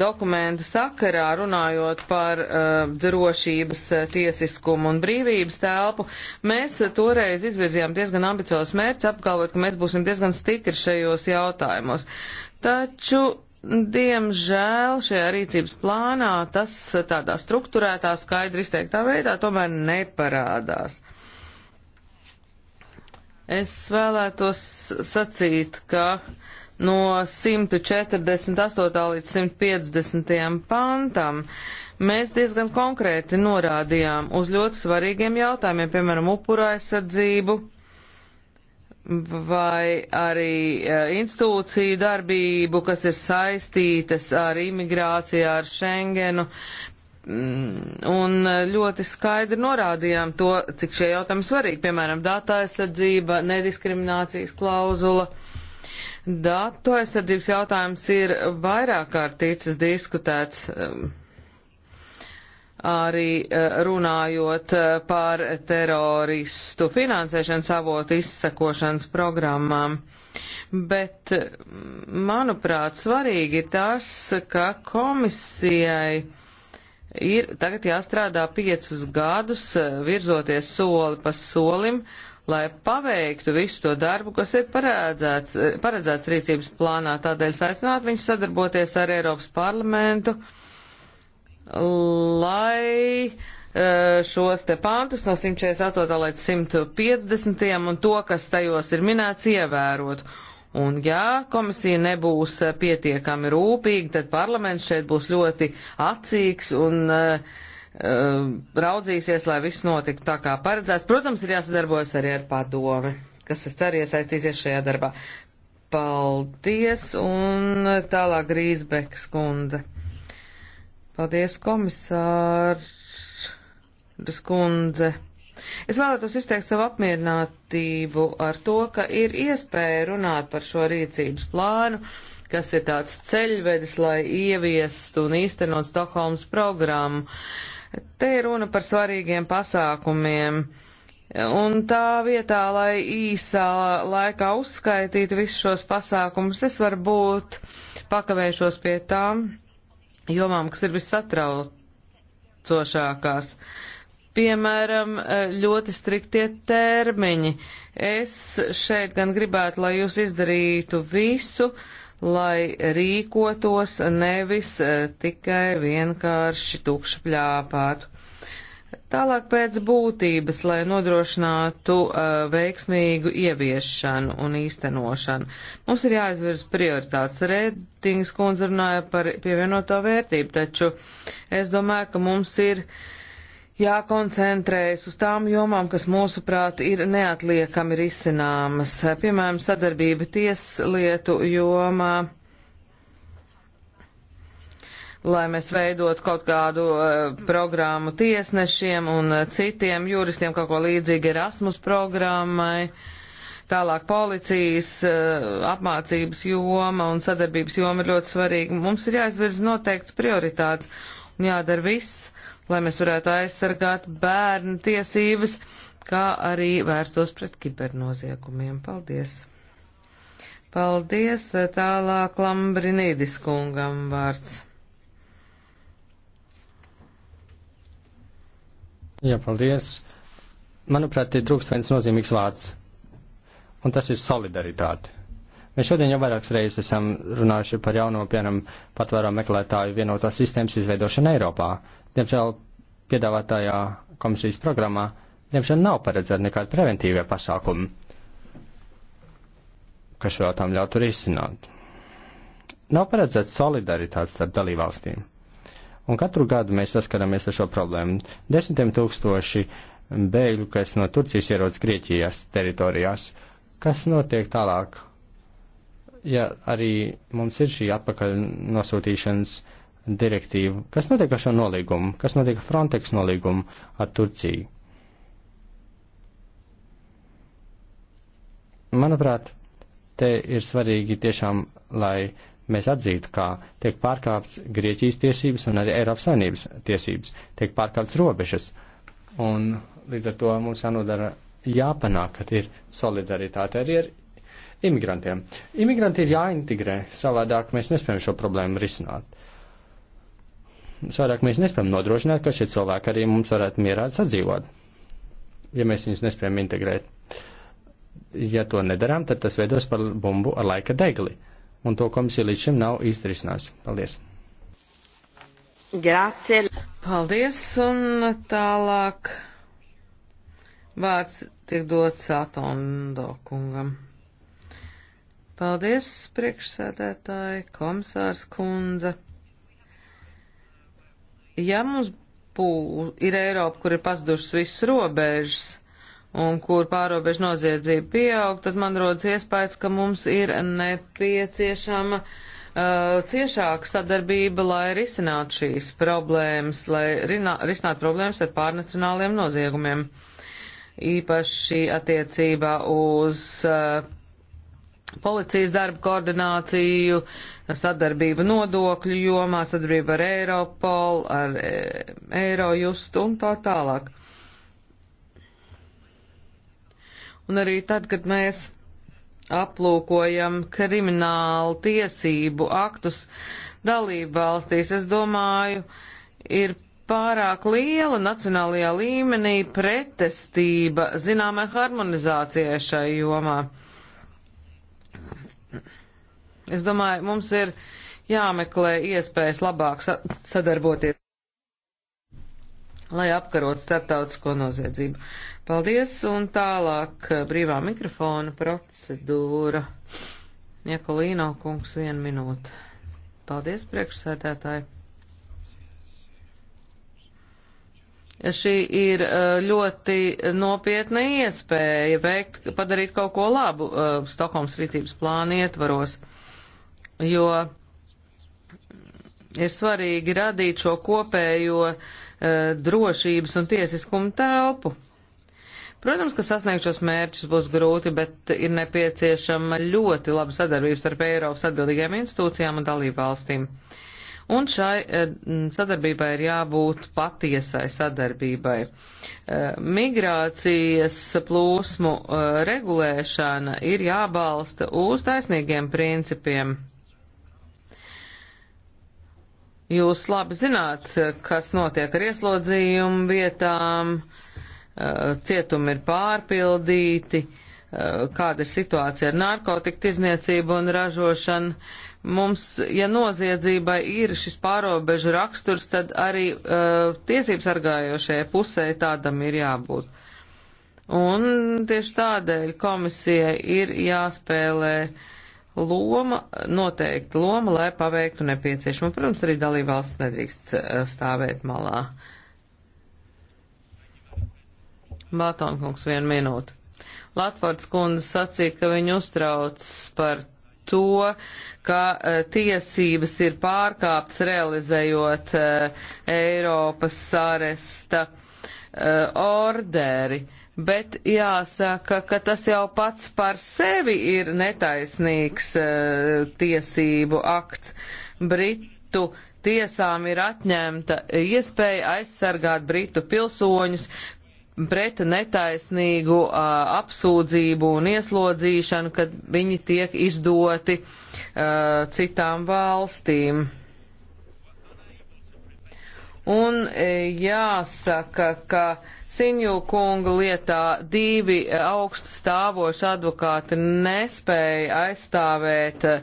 S3: dokumenta sakarā, runājot par uh, drošības, eh, tiesiskumu un brīvības telpu, mēs eh, toreiz izvirzījām diezgan ambiciozus mērķus, apgalvot, ka mēs būsim diezgan stikri šajos jautājumos. Taču Diemžēl šajā rīcības plānā tas tādā struktūrētā, skaidri izteiktā veidā tomēr neparādās. Es vēlētos sacīt, ka uh, no 148. līdz 150. pantam mēs diezgan konkrēti norādījām uz ļoti svarīgiem jautājumiem, piemēram, upura aizsardzību vai arī e, institūciju darbību, kas ir saistītas ar imigrāciju, ar Schengenu. Mm, un ļoti skaidri norādījām to, cik šie jautājumi svarīgi, piemēram, datu aizsardzība, nediskriminācijas klauzula. Uh, Datu aizsardzības jautājums ir vairāk kārt ticis diskutēts um, arī uh, runājot uh, par teroristu finansēšanas avotu izsakošanas programmām. Bet, um, manuprāt, svarīgi ir tas, ka komisijai ir tagad jāstrādā piecus gadus, uh, virzoties soli pa solim, uh, lai paveiktu visu to darbu, kas ir paredzēts, eh, paredzēts rīcības plānā. Tādēļ saicināt viņus sadarboties ar Eiropas parlamentu, lai eh, šos te pantus no 148. līdz 150. un to, kas tajos ir minēts, ievērot. Un ja komisija nebūs eh, pietiekami rūpīga, tad parlaments šeit būs ļoti atsīgs un uh, Eh, raudzīsies, lai viss notiktu tā kā paredzēts. Protams, ir jāsadarbojas arī ar padomi, kas es ceru iesaistīsies šajā darbā. Paldies, un tālāk Grīsbeks kundze. Paldies, komisārs kundze. Es vēlētos izteikt savu apmierinātību ar to, ka ir iespēja runāt par šo rīcības plānu, kas ir tāds ceļvedis, lai ieviestu un īstenot Stokholmas programmu. Uh, Te ir runa par svarīgiem pasākumiem. Un tā vietā, lai īsā laikā uzskaitītu visus šos pasākumus, es varbūt pakavēšos pie tām jomām, kas ir visatraucošākās. Piemēram, ļoti striktie termiņi. Es šeit gan gribētu, lai jūs izdarītu visu, uh, lai rīkotos, nevis eh, tikai vienkārši tukši pļāpātu. Tālāk pēc būtības, lai nodrošinātu uh, veiksmīgu ieviešanu un īstenošanu, mums ir jāizvirz prioritātes. Rētings kundze runāja par pievienoto vērtību, taču es domāju, ka mums ir uh, jākoncentrējas uz tām jomām, kas mūsuprāt ir neatliekami risināmas, piemēram, sadarbība tieslietu jomā, lai mēs veidot kaut kādu uh, programmu tiesnešiem un uh, citiem juristiem, kaut ko līdzīgi Erasmus programmai. Tālāk policijas uh, apmācības joma un sadarbības joma ir ļoti svarīga. Mums ir jāizvirz noteikts prioritāts un jādara viss, lai mēs varētu aizsargāt bērnu tiesības, kā arī vērstos pret kibernoziegumiem. Paldies! Paldies! Tālāk Lambrinīdis kungam vārds.
S1: Jā, paldies. Manuprāt, ir trūkst viens nozīmīgs vārds, un tas ir solidaritāte. Mēs šodien jau vairākas reizes esam runājuši par jauno, piemēram, patvērumu meklētāju vienotās sistēmas izveidošanu Eiropā. Uh, Diemžēl piedāvātajā komisijas programmā diemžēl nav paredzēta nekāda preventīvie pasākumi, kas šo jautājumu ļautu risināt. Nav paredzēta solidaritāte starp dalībvalstīm. Un katru gadu mēs saskaramies ar šo problēmu. Desmitiem tūkstoši bēgļu, kas no Turcijas ierodas Grieķijas teritorijās. Kas notiek tālāk? Ja arī mums ir šī atpakaļ nosūtīšanas uh, direktīvu. Kas notiek ar šo nolīgumu? Kas notiek ar Frontex nolīgumu ar Turciju? Manuprāt, te ir svarīgi tiešām, lai mēs atzītu, ka tiek pārkāpts Grieķijas tiesības un arī Eiropas Savienības tiesības, tiek pārkāpts robežas. Un līdz ar to mums jānodara jāpanāk, ka ir solidaritāte arī ar imigrantiem. Imigranti ir jāintegrē, savādāk mēs nespējam šo problēmu risināt. Sārāk mēs nespējam nodrošināt, ka šie cilvēki arī mums varētu mierā sadzīvot, ja mēs viņus nespējam integrēt. Ja to nedarām, tad tas veidos par bumbu ar laika degli, un to komisija līdz šim nav izdarījusi. Paldies!
S3: Grācie! Paldies, un tālāk vārds tiek dots Atondo kungam. Paldies, priekšsēdētāji, komisārs kundze. Ja mums bū, ir Eiropa, kur ir pazudušas visas robežas un kur pārobežu noziedzība pieaug, tad man rodas iespējas, ka mums ir nepieciešama uh, ciešāka sadarbība, lai risinātu šīs problēmas, lai rinā, risinātu problēmas ar pārnacionāliem noziegumiem. Īpaši attiecībā uz uh, policijas darbu koordināciju, sadarbību nodokļu jomā, sadarbību ar Eiropol, ar Eirojustu un tā tālāk. Un arī tad, kad mēs aplūkojam kriminālu tiesību aktus dalību valstīs, es domāju, ir pārāk liela nacionālajā līmenī pretestība zināmai harmonizācijai šai jomā. Es domāju, mums ir jāmeklē iespējas labāk sa sadarboties, lai apkarot starptautisko noziedzību. Paldies, un tālāk eh, brīvā mikrofona procedūra. Niekolīno kungs, vienu minūti. Paldies, priekšsēdētāji. Šī ir uh, ļoti nopietna iespēja veikt, padarīt kaut ko labu uh, Stokholmas rīcības plāna ietvaros, jo ir svarīgi radīt šo kopējo uh, drošības un tiesiskumu telpu. Protams, ka sasniegt šos mērķus būs grūti, bet ir nepieciešama ļoti laba sadarbība starp Eiropas atbildīgajām institūcijām un dalību valstīm. Uh, un šai eh, sadarbībai ir jābūt patiesai sadarbībai. Eh, migrācijas plūsmu eh, regulēšana ir jābalsta uz taisnīgiem principiem. Jūs labi zināt, kas notiek ar ieslodzījumu vietām, cietumi ir pārpildīti, kāda ir situācija ar narkotiku tirzniecību un ražošanu Mums, ja noziedzībai ir šis pārobežu raksturs, tad arī uh, tiesības sargājošajai pusē tādam ir jābūt. Un tieši tādēļ komisijai ir jāspēlē loma, noteikti loma, lai paveiktu nepieciešamo. Protams, arī dalībvalsts nedrīkst uh, stāvēt malā. Bātonkungs vienu minūtu. Latvārds kundze sacīja, ka viņu uztrauc par to, ka uh, tiesības ir pārkāptas realizējot uh, Eiropas aresta uh, orderi. Bet jāsaka, ka tas jau pats par sevi ir netaisnīgs uh, tiesību akts. Britu tiesām ir atņemta iespēja aizsargāt britu pilsoņus pret netaisnīgu a, apsūdzību un ieslodzīšanu, kad viņi tiek izdoti a, citām valstīm. Un e, jāsaka, ka Sinju kunga lietā divi augstu stāvoši advokāti nespēja aizstāvēt a,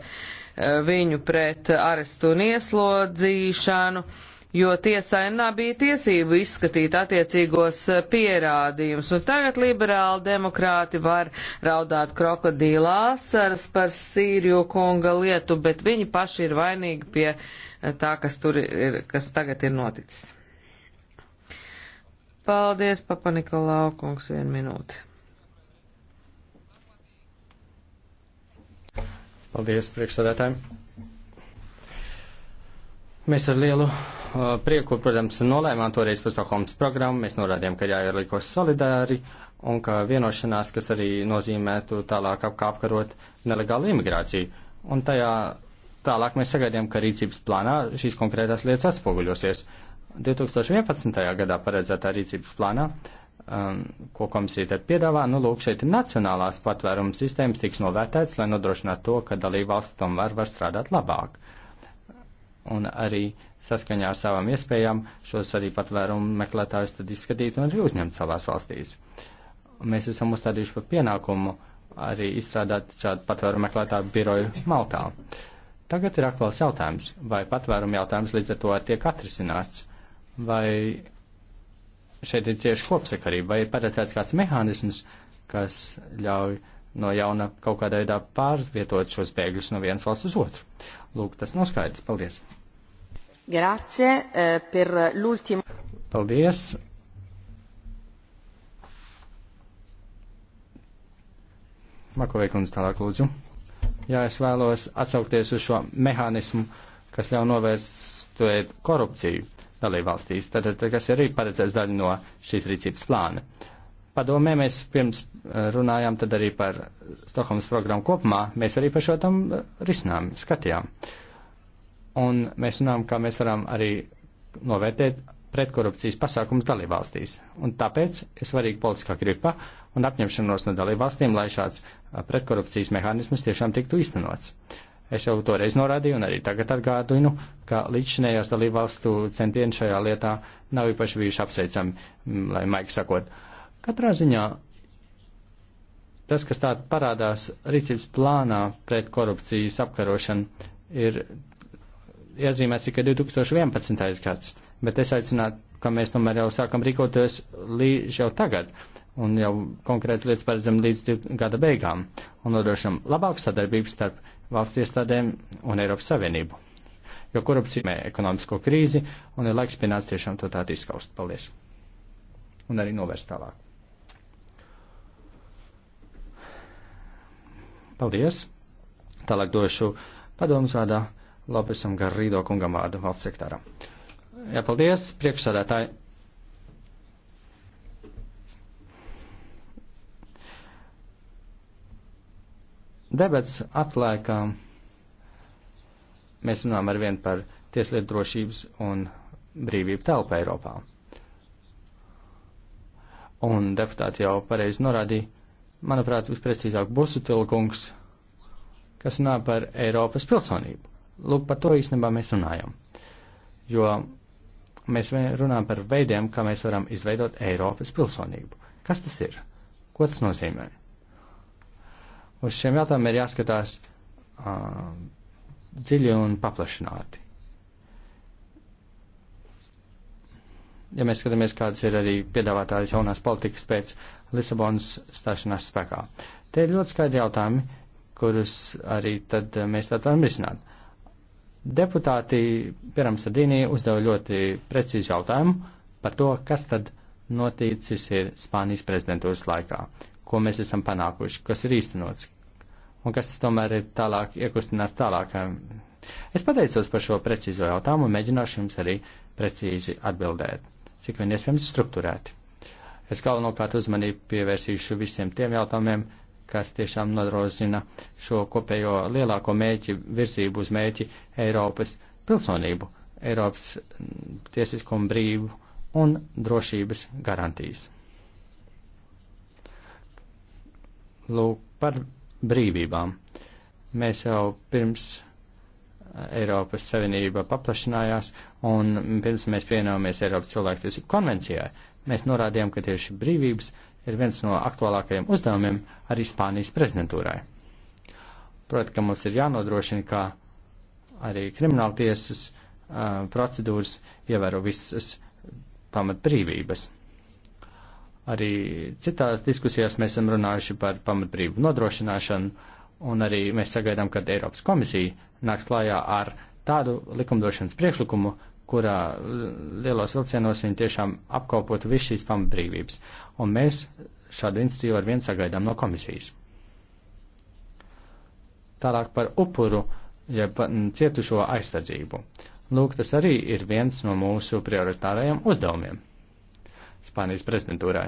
S3: viņu pret arestu un ieslodzīšanu. A, jo tiesai nebija tiesību izskatīt attiecīgos eh, pierādījumus. Un tagad liberāli demokrāti var raudāt krokodīlā asaras par Sīriju kunga lietu, bet viņi paši ir vainīgi pie eh, tā, kas, tur ir, kas tagad ir noticis. Paldies, Papa Nikolau, kungs, vienu minūti.
S1: Paldies, priekšsādātājiem. Mēs ar lielu uh, prieku, protams, nolēmām toreiz par Stokholmas programmu. Mēs norādījām, ka jāierīkos solidāri un ka vienošanās, kas arī nozīmētu tālāk apkarot nelegālu imigrāciju. Un tajā tālāk mēs sagaidījām, ka rīcības plānā šīs konkrētās lietas atspoguļosies. 2011. gadā paredzētā rīcības plānā, um, ko komisija tad piedāvā, nu lūk, šeit ir nacionālās patvērums sistēmas tiks novērtēts, lai nodrošinātu to, ka dalībvalsts tomēr var strādāt labāk. Uh, un arī saskaņā ar savām iespējām šos arī patvērumu meklētājus tad izskatīt un arī uzņemt savās valstīs. Mēs esam uzstādījuši par pienākumu arī izstrādāt šādu patvērumu meklētāju biroju Maltā. Tagad ir aktuāls jautājums, vai patvērumu jautājums līdz ar to tiek atrisināts, vai šeit ir cieši kopsakarība, vai ir paredzēts kāds mehānisms, kas ļauj no jauna kaut kādā veidā pārvietot šos bēgļus no vienas valsts uz otru. Lūk, tas nav skaidrs. Paldies!
S2: Grazie eh, per l'ultimo.
S1: Paldies. Makovēkums tālāk lūdzu. Jā, es vēlos atsaukties uz šo mehānismu, kas ļauj novērst korupciju dalībvalstīs. Tad, kas arī paredzēts daļa no šīs rīcības plāna. Padomē, mēs pirms eh, runājām tad arī par Stokholmas programmu kopumā, mēs arī par šo tam eh, risinām, skatījām. Uh, un mēs zinām, ka mēs varam arī novērtēt pretkorupcijas pasākums dalībvalstīs. Un tāpēc ir svarīga politiskā gripa un apņemšanos no dalībvalstīm, lai šāds pretkorupcijas mehānisms tiešām tiktu īstenots. Es jau toreiz norādīju un arī tagad atgādinu, ka līdzšinējās dalībvalstu centieni šajā lietā nav īpaši bijuši apsveicami, lai maigi sakot. Katrā ziņā tas, kas tā parādās rīcības plānā pret korupcijas apkarošanu, ir iezīmēs tikai 2011. gads, bet es aicinātu, ka mēs tomēr jau sākam rīkoties līdz jau tagad un jau konkrēti lietas paredzam līdz gada beigām un nodrošam labāku sadarbību starp valsts iestādēm un Eiropas Savienību, jo korupcija mē ekonomisko krīzi un ir laiks pienācis tiešām to tādu izskaust. Paldies! Un arī novērst tālāk. Paldies! Tālāk došu padomus vārdā Labi, esam gar Rīdo kungam vārdu valsts sektāram. Jā, paldies, priekšsādātāji. Debets atklāja, mēs runājam ar vienu par tieslietu drošības un brīvību telpu Eiropā. Un deputāti jau pareizi norādīja, manuprāt, visprecīzāk Busutilkungs, kas runā par Eiropas pilsonību. Lūk, par to īstenībā mēs runājam. Jo mēs runājam par veidiem, kā mēs varam izveidot Eiropas pilsonību. Kas tas ir? Ko tas nozīmē? Uz šiem jautājumiem ir jāskatās uh, dziļi un paplašināti. Ja mēs skatāmies, kādas ir arī piedāvātājas jaunās politikas pēc Lisabonas stāšanās spēkā, te ir ļoti skaidri jautājumi, kurus arī tad mēs tā varam risināt. Deputāti Piram Sadīnī uzdeva ļoti precīzi jautājumu par to, kas tad noticis ir Spānijas prezidentūras laikā, ko mēs esam panākuši, kas ir īstenots un kas tomēr ir tālāk iekustināts tālāk. Es pateicos par šo precīzo jautājumu un mēģināšu jums arī precīzi atbildēt, cik vien iespējams struktūrēti. Es galvenokārt uzmanību pievērsīšu visiem tiem jautājumiem, kas tiešām nodrošina šo kopējo lielāko mēķi, virzību uz mēķi Eiropas pilsonību, Eiropas tiesiskumu brīvu un drošības garantijas. Lūk, par brīvībām. Mēs jau pirms eh, Eiropas Savienība paplašinājās, un pirms mēs pievienojāmies Eiropas cilvēktiesību konvencijai, mēs norādījām, ka tieši brīvības uh, ir viens no aktuālākajiem uzdevumiem arī Spānijas prezidentūrai. Protams, ka mums ir jānodrošina, ka arī krimināla tiesas uh, procedūras ievēro visas pamat brīvības. Arī citās diskusijās mēs esam runājuši par pamatbrīvu nodrošināšanu, un arī mēs sagaidām, kad Eiropas komisija nāks klājā ar tādu likumdošanas priekšlikumu, kurā eh, lielos vilcienos viņi tiešām apkopot visu šīs pamatbrīvības. Un mēs šādu institīvu ar vien sagaidām no komisijas. Tālāk par upuru, jeb ja cietušo aizsardzību. Lūk, tas arī ir viens no mūsu prioritārajiem uzdevumiem Spānijas prezidentūrai.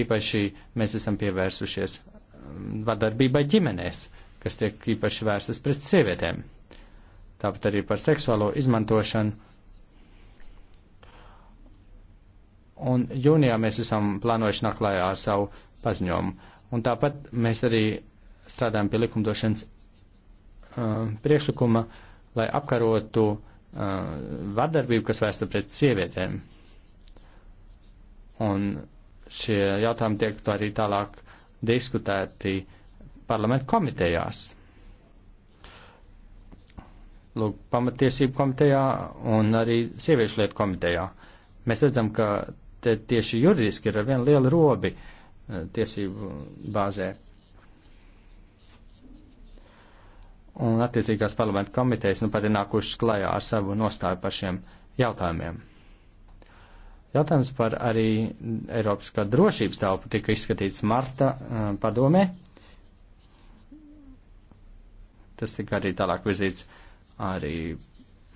S1: Īpaši mēs esam pievērsušies mm, vardarbībai ģimenēs, kas tiek īpaši vērstas pret sievietēm. Tāpat arī par seksuālo izmantošanu Un jūnijā mēs esam plānojuši naklājā ar savu paziņojumu. Un tāpat mēs arī strādājam pie likumdošanas uh, priekšlikuma, lai apkarotu uh, vardarbību, kas vēsta pret sievietēm. Un šie jautājumi tiek to arī tālāk diskutēti parlamentu komitejās. Lūk, pamatiesību komitejā un arī sieviešu lietu komitejā. Mēs redzam, ka te tieši juridiski ir ar vienu lielu robi eh, tiesību bāzē. Un attiecīgās parlamenta komitejas nu pat ir nākušas klajā ar savu nostāju par šiem jautājumiem. Jautājums par arī Eiropas kā drošības telpu tika izskatīts marta eh, padomē. Tas tika arī tālāk virzīts arī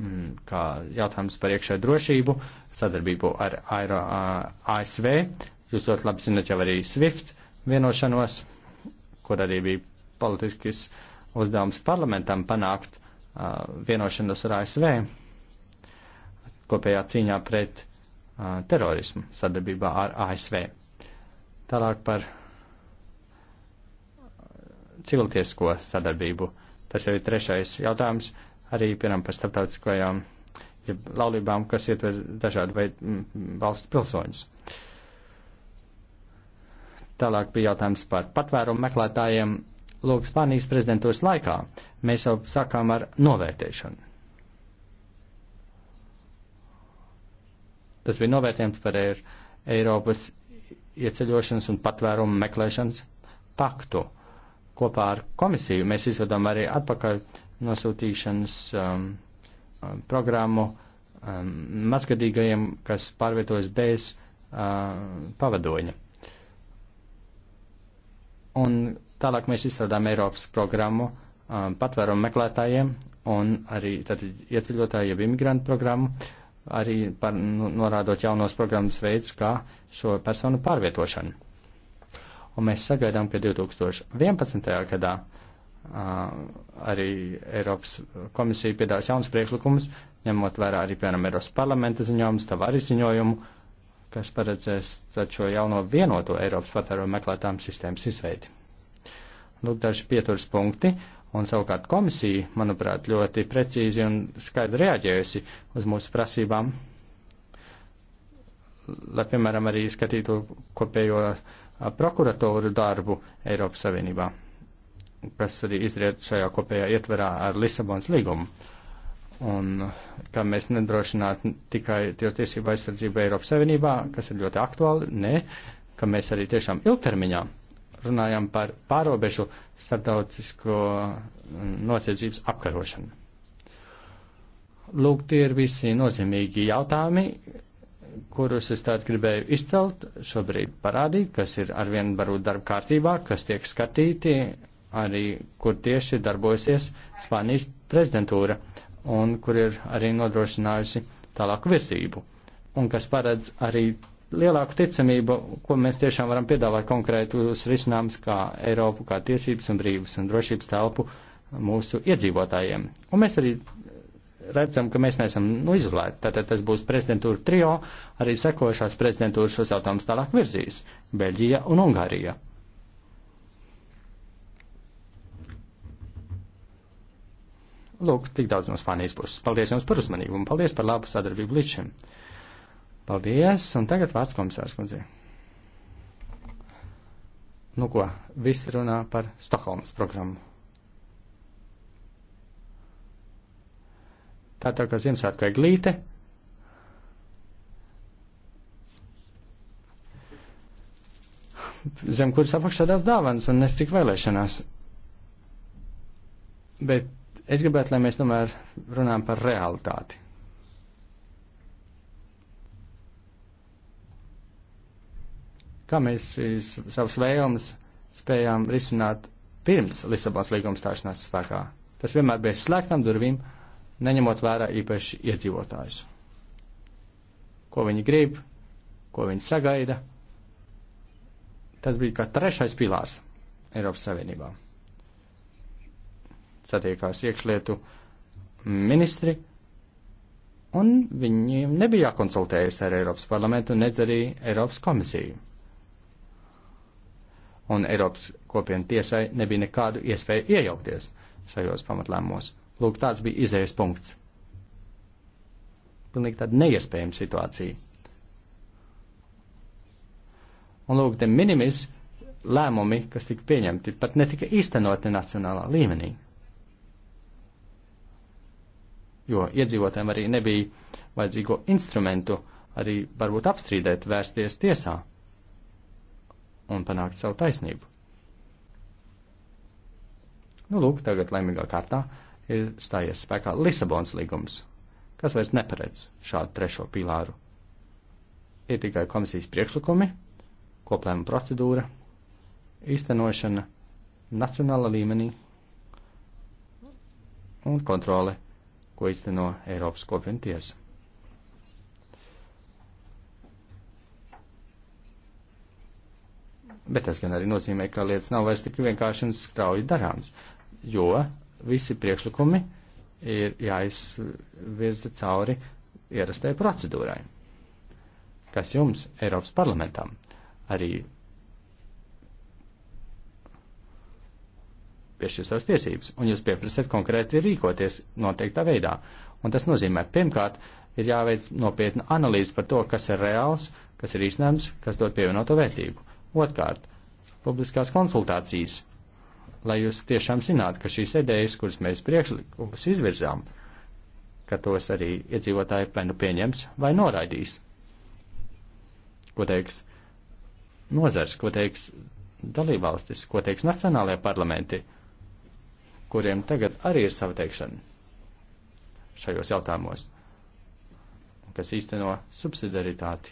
S1: Mm, kā jautājums par iekšēju drošību, sadarbību ar Airo, ASV. Jūs ļoti labi zinat jau arī SWIFT vienošanos, kur arī bija politisks uzdevums parlamentam panākt uh, vienošanos ar ASV kopējā cīņā pret uh, terorismu sadarbībā ar ASV. Tālāk par civiltiesko sadarbību. Tas jau ir trešais jautājums. Uh, arī, piemēram, par starptautiskajām ja laulībām, kas ietver dažādu veidu valsts pilsoņus. Tālāk bija jautājums par patvērumu meklētājiem. Lūk, Spānijas prezidentūras laikā mēs jau sākām ar novērtēšanu. Tas bija novērtējums par Eiropas ieceļošanas un patvērumu meklēšanas paktu. Kopā ar komisiju mēs izvedam arī atpakaļ nosūtīšanas um, um, programmu um, mazgadīgajiem, kas pārvietojas bez uh, pavadoņa. Un tālāk mēs izstrādājam Eiropas programmu um, patvērumu meklētājiem un arī tad ieceļotāju jeb imigrantu programmu, arī par, nu, norādot jaunos programmas veids, kā šo personu pārvietošanu. Un mēs sagaidām, ka 2011. gadā uh, arī Eiropas komisija piedāvās jaunas priekšlikumus, ņemot vērā arī, piemēram, Eiropas parlamenta ziņojumus, tavari ziņojumu, kas paredzēs šo jauno vienoto Eiropas patērumu meklētām sistēmas izveidi. Lūk, daži pieturas punkti, un savukārt komisija, manuprāt, ļoti precīzi un skaidri reaģējusi uz mūsu prasībām, lai, piemēram, arī skatītu kopējo prokuratūru darbu Eiropas Savienībā kas arī izriet šajā kopējā ietverā ar Lisabonas līgumu. Un kā mēs nedrošinātu tikai tiesību aizsardzību Eiropas Savienībā, kas ir ļoti aktuāli, nē, ka mēs arī tiešām ilgtermiņā runājam par pārobežu starptautisko mm, nosiedzības apkarošanu. Lūk, tie ir visi nozīmīgi jautājumi, kurus es tātad gribēju izcelt, šobrīd parādīt, kas ir arvien varbūt darba kārtībā, kas tiek skatīti arī, kur tieši darbojasies Spānijas prezidentūra un kur ir arī nodrošinājusi tālāku virzību un kas paredz arī lielāku ticamību, ko mēs tiešām varam piedāvāt konkrētus risinājumus kā Eiropu, kā tiesības un brīvības un drošības telpu mūsu iedzīvotājiem. Un mēs arī redzam, ka mēs neesam nu, izolēti. Tātad tas būs prezidentūra trio, arī sekošās prezidentūras šos jautājumus tālāk virzīs - Beļģija un Ungārija. Lūk, tik daudz no Spānijas puses. Paldies jums par uzmanību un paldies par labu sadarbību līdz šim. Paldies, un tagad vārds komisārs kundze. Nu ko, visi runā par Stokholmas programmu. Tā tā kā Ziemassvētku eglīte. Zem kuras apakšā tās dāvanas un nes tik vēlēšanās. Bet Es gribētu, lai mēs tomēr runājam par realitāti. Kā mēs savas vēlmes spējām risināt pirms Lisabons līguma stāšanās spēkā? Tas vienmēr bija slēgtām durvīm, neņemot vērā īpaši iedzīvotājus. Ko viņi grib, ko viņi sagaida. Tas bija kā trešais pilārs Eiropas Savienībā satiekās iekšlietu ministri, un viņiem nebija jākonsultējas ar Eiropas parlamentu, nedz arī Eiropas komisiju. Un Eiropas kopienu tiesai nebija nekādu iespēju iejaukties šajos pamatlēmumos. Lūk, tāds bija izējas punkts. Pilnīgi tāda neiespējama situācija. Un lūk, te minimis lēmumi, kas tika pieņemti, pat netika īstenoti nacionālā līmenī jo iedzīvotājiem arī nebija vajadzīgo instrumentu arī varbūt apstrīdēt, vērsties tiesā un panākt savu taisnību. Nu, lūk, tagad laimīgā kārtā ir stājies spēkā Lisabons līgums, kas vairs neparedz šādu trešo pīlāru. Ir tikai komisijas priekšlikumi, koplēma procedūra, īstenošana nacionāla līmenī un kontrole ko izteno Eiropas kopienu tiesa. Bet tas gan arī nozīmē, ka lietas nav vairs tik vienkārši un strauji darāms, jo visi priekšlikumi ir jāizvirza cauri ierastajai procedūrai, kas jums, Eiropas parlamentam, arī piešķir savas tiesības, un jūs pieprasat konkrēti rīkoties noteiktā veidā. Un tas nozīmē, pirmkārt, ir jāveic nopietna analīze par to, kas ir reāls, kas ir īstenams, kas dod pievienoto vērtību. Otkārt, publiskās konsultācijas, lai jūs tiešām zinātu, ka šīs idejas, kuras mēs priekšlikumus izvirzām, ka tos arī iedzīvotāji vai nu pieņems vai noraidīs. Ko teiks nozars, ko teiks dalībvalstis, ko teiks nacionālajie parlamenti? kuriem tagad arī ir sava teikšana šajos jautājumos, kas īsteno subsidiaritāti.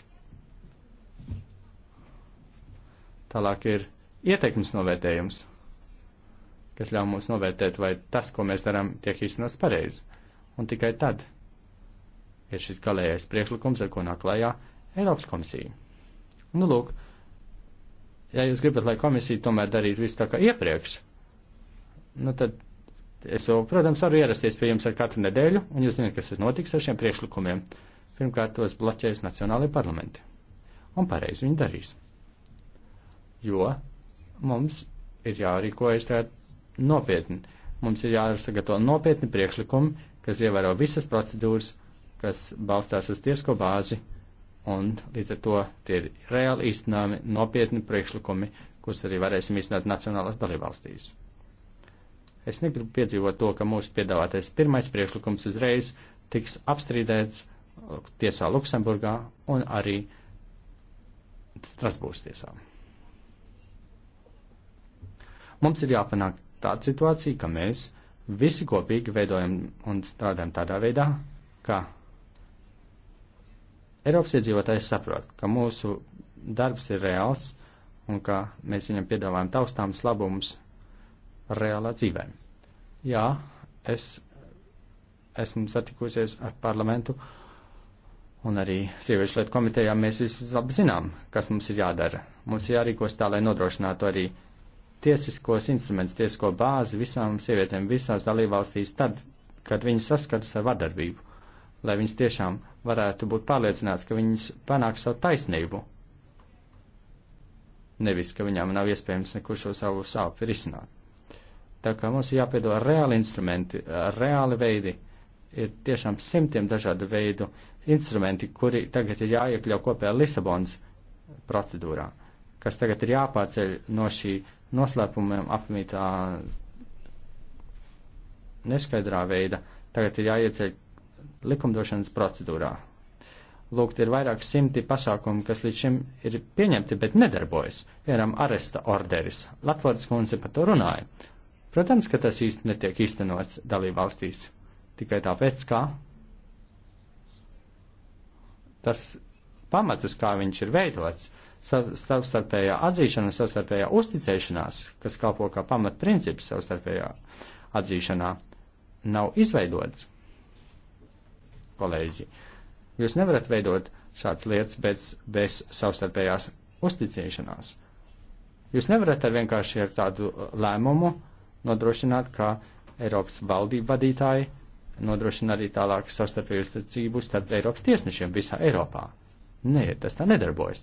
S1: Tālāk ir ieteikums novērtējums, kas ļauj mums novērtēt, vai tas, ko mēs darām, tiek īstenots pareizi. Un tikai tad ir šis galējais priekšlikums, ar ko nāk klajā Eiropas komisija. Nu, lūk, ja jūs gribat, lai komisija tomēr darītu visu tā kā iepriekš, nu tad Es, eh, protams, varu ierasties pie jums ar katru nedēļu, un jūs zināt, kas notiks ar šiem priekšlikumiem. Pirmkārt, tos bloķēs nacionālajie parlamenti. Un pareizi viņi darīs. Jo mums ir jārīkojas tagad nopietni. Mums ir jāsagatavo nopietni priekšlikumi, kas ievēro visas procedūras, kas balstās uz tiesko bāzi, un līdz ar to tie ir reāli īstenāmi nopietni priekšlikumi, kurus arī varēsim īstenot nacionālās dalībvalstīs. Es negribu piedzīvot to, ka mūsu piedāvātais pirmais priekšlikums uzreiz tiks apstrīdēts uh, tiesā Luksemburgā un arī Strasbūras tiesā. Mums ir jāpanāk tāda situācija, ka mēs visi kopīgi veidojam un strādājam tādā veidā, ka Eiropas iedzīvotājs saprot, ka mūsu darbs ir reāls un ka mēs viņam piedāvājam taustāms labumus reālā dzīvē. Jā, es esmu satikusies ar parlamentu un arī sieviešu lietu komitejā. Mēs visus apzinām, kas mums ir jādara. Mums ir jārīkos tā, lai nodrošinātu arī tiesiskos instrumentus, tiesisko bāzi visām sievietēm visās dalībvalstīs tad, kad viņas saskaras ar vardarbību, lai viņas tiešām varētu būt pārliecināts, ka viņas panāk savu taisnību. Nevis, ka viņām nav iespējams neko šo savu sāpju risināt. Tā kā mums ir jāpiedo reāli instrumenti, reāli veidi. Ir tiešām simtiem dažādu veidu instrumenti, kuri tagad ir jāiekļau kopējā Lisabonas procedūrā, kas tagad ir jāpārceļ no šī noslēpumiem apmītā neskaidrā veida, tagad ir jāieceļ likumdošanas procedūrā. Lūk, ir vairāk simti pasākumu, kas līdz šim ir pieņemti, bet nedarbojas. Piemēram, aresta orderis. Latvārds kundze par to runāja. Protams, ka tas īsti netiek īstenots dalību valstīs. Tikai tāpēc, ka tas pamats, uz kā viņš ir veidots, savstarpējā atzīšana un savstarpējā uzticēšanās, kas kalpo kā pamatprincips savstarpējā atzīšanā, nav izveidots. Kolēģi, jūs nevarat veidot šādas lietas bez, bez savstarpējās uzticēšanās. Jūs nevarat ar vienkārši ar tādu lēmumu nodrošināt, ka Eiropas valdību vadītāji nodrošina arī tālāku savstarpēju uzticību starp Eiropas tiesnešiem visā Eiropā. Nē, tas tā nedarbojas.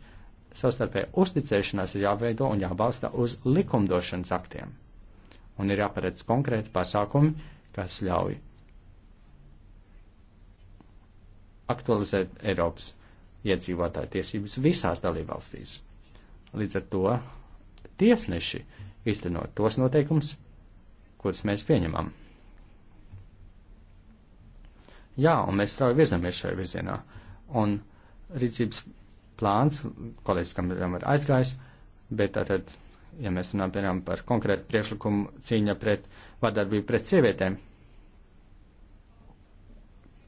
S1: Savstarpēja uzticēšanās ir jāveido un jābalsta uz likumdošanas aktiem. Un ir jāparedz konkrēti pasākumi, kas ļauj aktualizēt Eiropas iedzīvotāju tiesības visās dalībvalstīs. Līdz ar to tiesneši iztenot tos noteikumus, kurus mēs pieņemam. Jā, un mēs strauji virzamies šajā virzienā. Un rīcības plāns, kolēģis, kam ir aizgājis, bet tātad, ja mēs runājam, piemēram, par konkrētu priekšlikumu cīņa pret vardarbību pret sievietēm,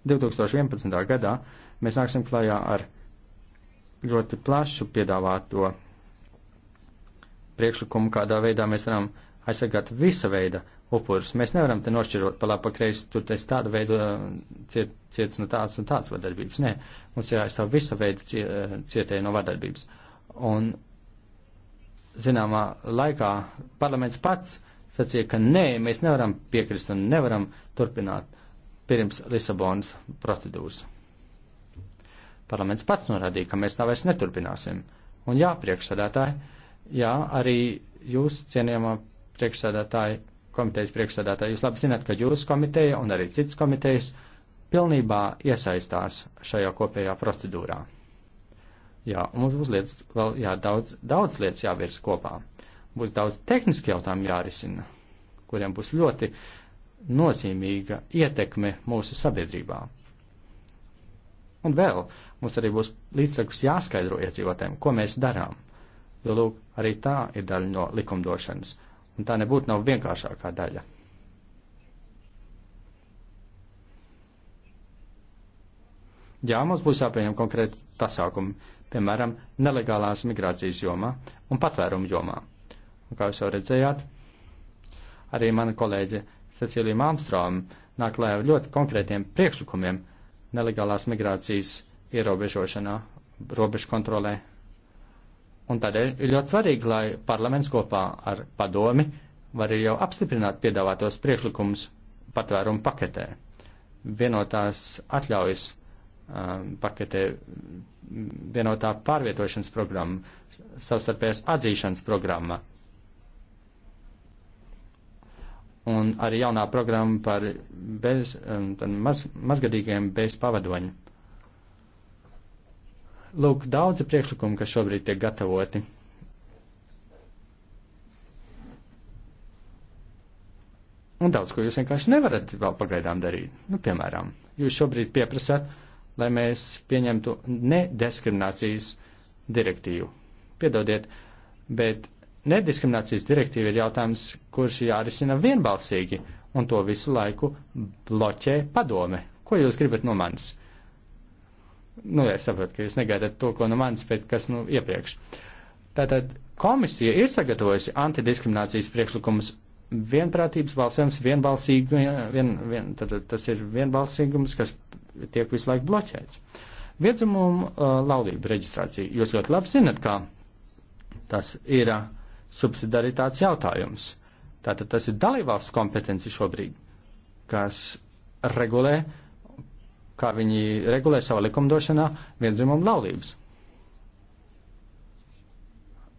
S1: 2011. gadā mēs nāksim klajā ar ļoti plašu piedāvāto priekšlikumu, kādā veidā mēs varam aizsargāt visa veida upurus. Mēs nevaram te nošķirot pa labi, pa kreisi, tur tas tādu veidu ciet, ciets no tāds un tāds vardarbības. Nē, mums ir aizstāv visa veida cie, cietēji no vardarbības. Un, zināmā laikā parlaments pats sacīja, ka nē, mēs nevaram piekrist un nevaram turpināt pirms Lisabonas procedūras. Parlaments pats norādīja, ka mēs tā vairs neturpināsim. Un jā, priekšsādātāji, jā, arī jūs, cienījamā priekšsādātāji, komitejas priekšsēdētāji, jūs labi zināt, ka jūsu komiteja un arī citas komitejas pilnībā iesaistās šajā kopējā procedūrā. Jā, un mums būs lietas, vēl jā, daudz, daudz lietas jāvirs kopā. Būs daudz tehniski jautājumi jārisina, kuriem būs ļoti nozīmīga ietekme mūsu sabiedrībā. Un vēl mums arī būs līdzsakus jāskaidro iedzīvotēm, ko mēs darām, jo, lūk, arī tā ir daļa no likumdošanas Un tā nebūtu nav vienkāršākā daļa. Jā, mums būs jāpieņem konkrēti pasākumi, piemēram, nelegālās migrācijas jomā un patvērumu jomā. Un kā jūs jau redzējāt, arī mana kolēģe Cecilija Malmstrāma nāk klājā ar ļoti konkrētiem priekšlikumiem nelegālās migrācijas ierobežošanā, robežu kontrolē Un tādēļ ir ļoti svarīgi, lai parlaments kopā ar padomi var jau apstiprināt piedāvātos priekšlikumus patvērumu paketē. Vienotās atļaujas um, paketē, vienotā pārvietošanas programma, savstarpējās atzīšanas programma. Un arī jaunā programma par bez, um, maz, mazgadīgiem bez pavadoņu Lūk, daudzi priekšlikumi, kas šobrīd tiek gatavoti. Un daudz, ko jūs vienkārši nevarat vēl pagaidām darīt. Nu, piemēram, jūs šobrīd pieprasat, lai mēs pieņemtu nediskriminācijas direktīvu. Piedodiet, bet nediskriminācijas direktīva ir jautājums, kurš jārisina vienbalsīgi, un to visu laiku bloķē padome. Ko jūs gribat no manis? Nu, es saprotu, ka jūs negaidat to, ko no nu manis, bet kas nu iepriekš. Tātad komisija ir sagatavojusi antidiskriminācijas priekšlikumus vienprātības balsojums, vienbalsīgi, vien, vien, tātad tas ir vienbalsīgums, kas tiek visu laiku bloķēts. Viedzumumu uh, laulību reģistrācija. Jūs ļoti labi zinat, kā tas ir uh, subsidaritāts jautājums. Tātad tas ir dalībvalsts kompetence šobrīd, kas regulē uh, kā viņi regulē savā likumdošanā viendzimumu laulības.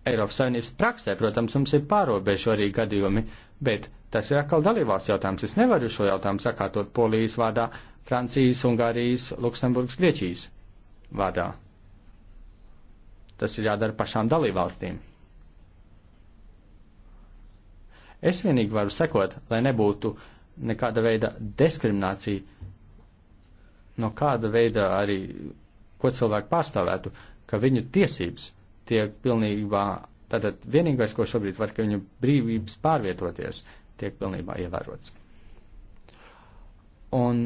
S1: Eiropas Savienības praksē, protams, mums ir pārobežu arī gadījumi, bet tas ir atkal dalībvalsts jautājums. Es nevaru šo jautājumu sakārtot Polijas vārdā, Francijas, Ungārijas, Luksemburgas, Grieķijas vārdā. Tas ir jādara pašām dalībvalstīm. Es vienīgi varu sekot, lai nebūtu nekāda veida diskriminācija no kāda veida arī, ko cilvēku pārstāvētu, ka viņu tiesības tiek pilnībā, tātad vienīgais, ko šobrīd var, ka viņu brīvības pārvietoties tiek pilnībā ievērots. Un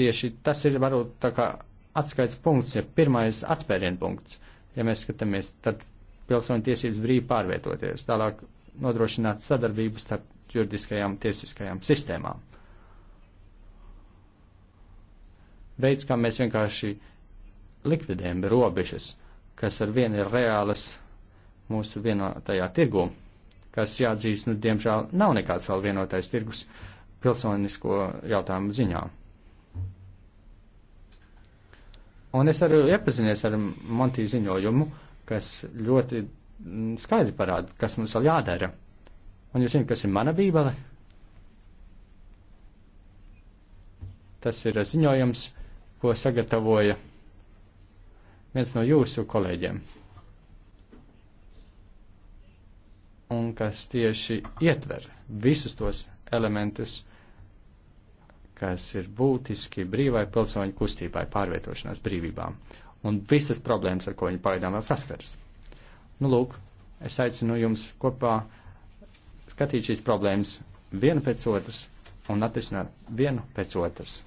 S1: tieši tas ir varbūt tā kā atskaits punkts, ja pirmais atspērienu punkts, ja mēs skatāmies, tad pilsoņu tiesības brīvi pārvietoties, tālāk nodrošināt sadarbību starp juridiskajām tiesiskajām sistēmām. veids, kā mēs vienkārši likvidējam robežas, kas ar vienu ir reālas mūsu vienotajā tirgu, kas jāatzīst, nu, diemžēl nav nekāds vēl vienotais tirgus pilsonisko jautājumu ziņā. Un es arī iepazinies ar Montī ziņojumu, kas ļoti mm, skaidri parāda, kas mums vēl jādara. Un jūs zināt, kas ir mana bībele? Tas ir ziņojums ko sagatavoja viens no jūsu kolēģiem. Un kas tieši ietver visus tos elementus, kas ir būtiski brīvai pilsoņu kustībai, pārvietošanās brīvībām un visas problēmas, ar ko viņi pagaidām vēl saskars. Nu, lūk, es aicinu jums kopā skatīt šīs problēmas vienu pēc otras un atrisināt vienu pēc otras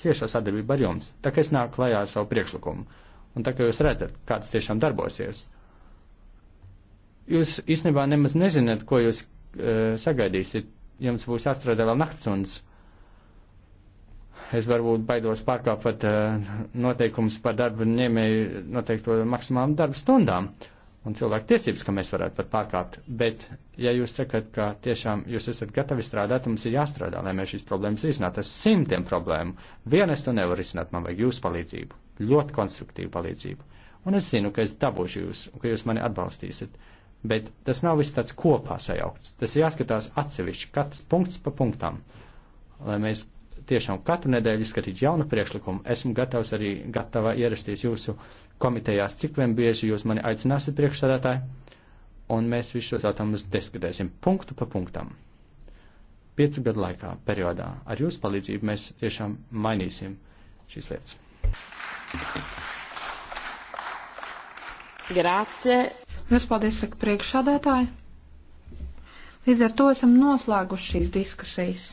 S1: ciešā sadarbība ar jums, tā kā es nāku klajā ar savu priekšlikumu, un tā kā jūs redzat, kā tas tiešām darbosies. Jūs īstenībā nemaz nezināt, ko jūs e, sagaidīsiet, jums būs jāstrādā vēl nakts. Es varbūt baidos pārkāpt pat e, uh, noteikumus par darba ņēmēju noteikto maksimālu darba stundām. Uh, un cilvēku tiesības, ka mēs varētu pat pārkāpt. Bet, ja jūs sakat, ka tiešām jūs esat gatavi strādāt, mums ir jāstrādā, lai mēs šīs problēmas risinātu. Tas simtiem problēmu. Vienu es to nevaru risināt, man vajag jūsu palīdzību. Ļoti konstruktīvu palīdzību. Un es zinu, ka es dabūšu jūs, un ka jūs mani atbalstīsiet. Bet tas nav viss tāds kopā sajaukts. Tas ir jāskatās atsevišķi, katrs punkts pa punktam. Lai mēs tiešām katru nedēļu izskatītu jaunu priekšlikumu, esmu gatavs arī gatava ierasties jūsu uh, komitejās, cik vien bieži jūs mani aicināsiet priekšsādātāji, un mēs visus šos jautājumus diskutēsim punktu pa punktam. Piecu gadu laikā, periodā, ar jūsu palīdzību mēs tiešām mainīsim šīs lietas.
S2: Grācie. Jūs paldies, saka priekšsādātāji. Līdz ar to esam noslēguši šīs diskusijas.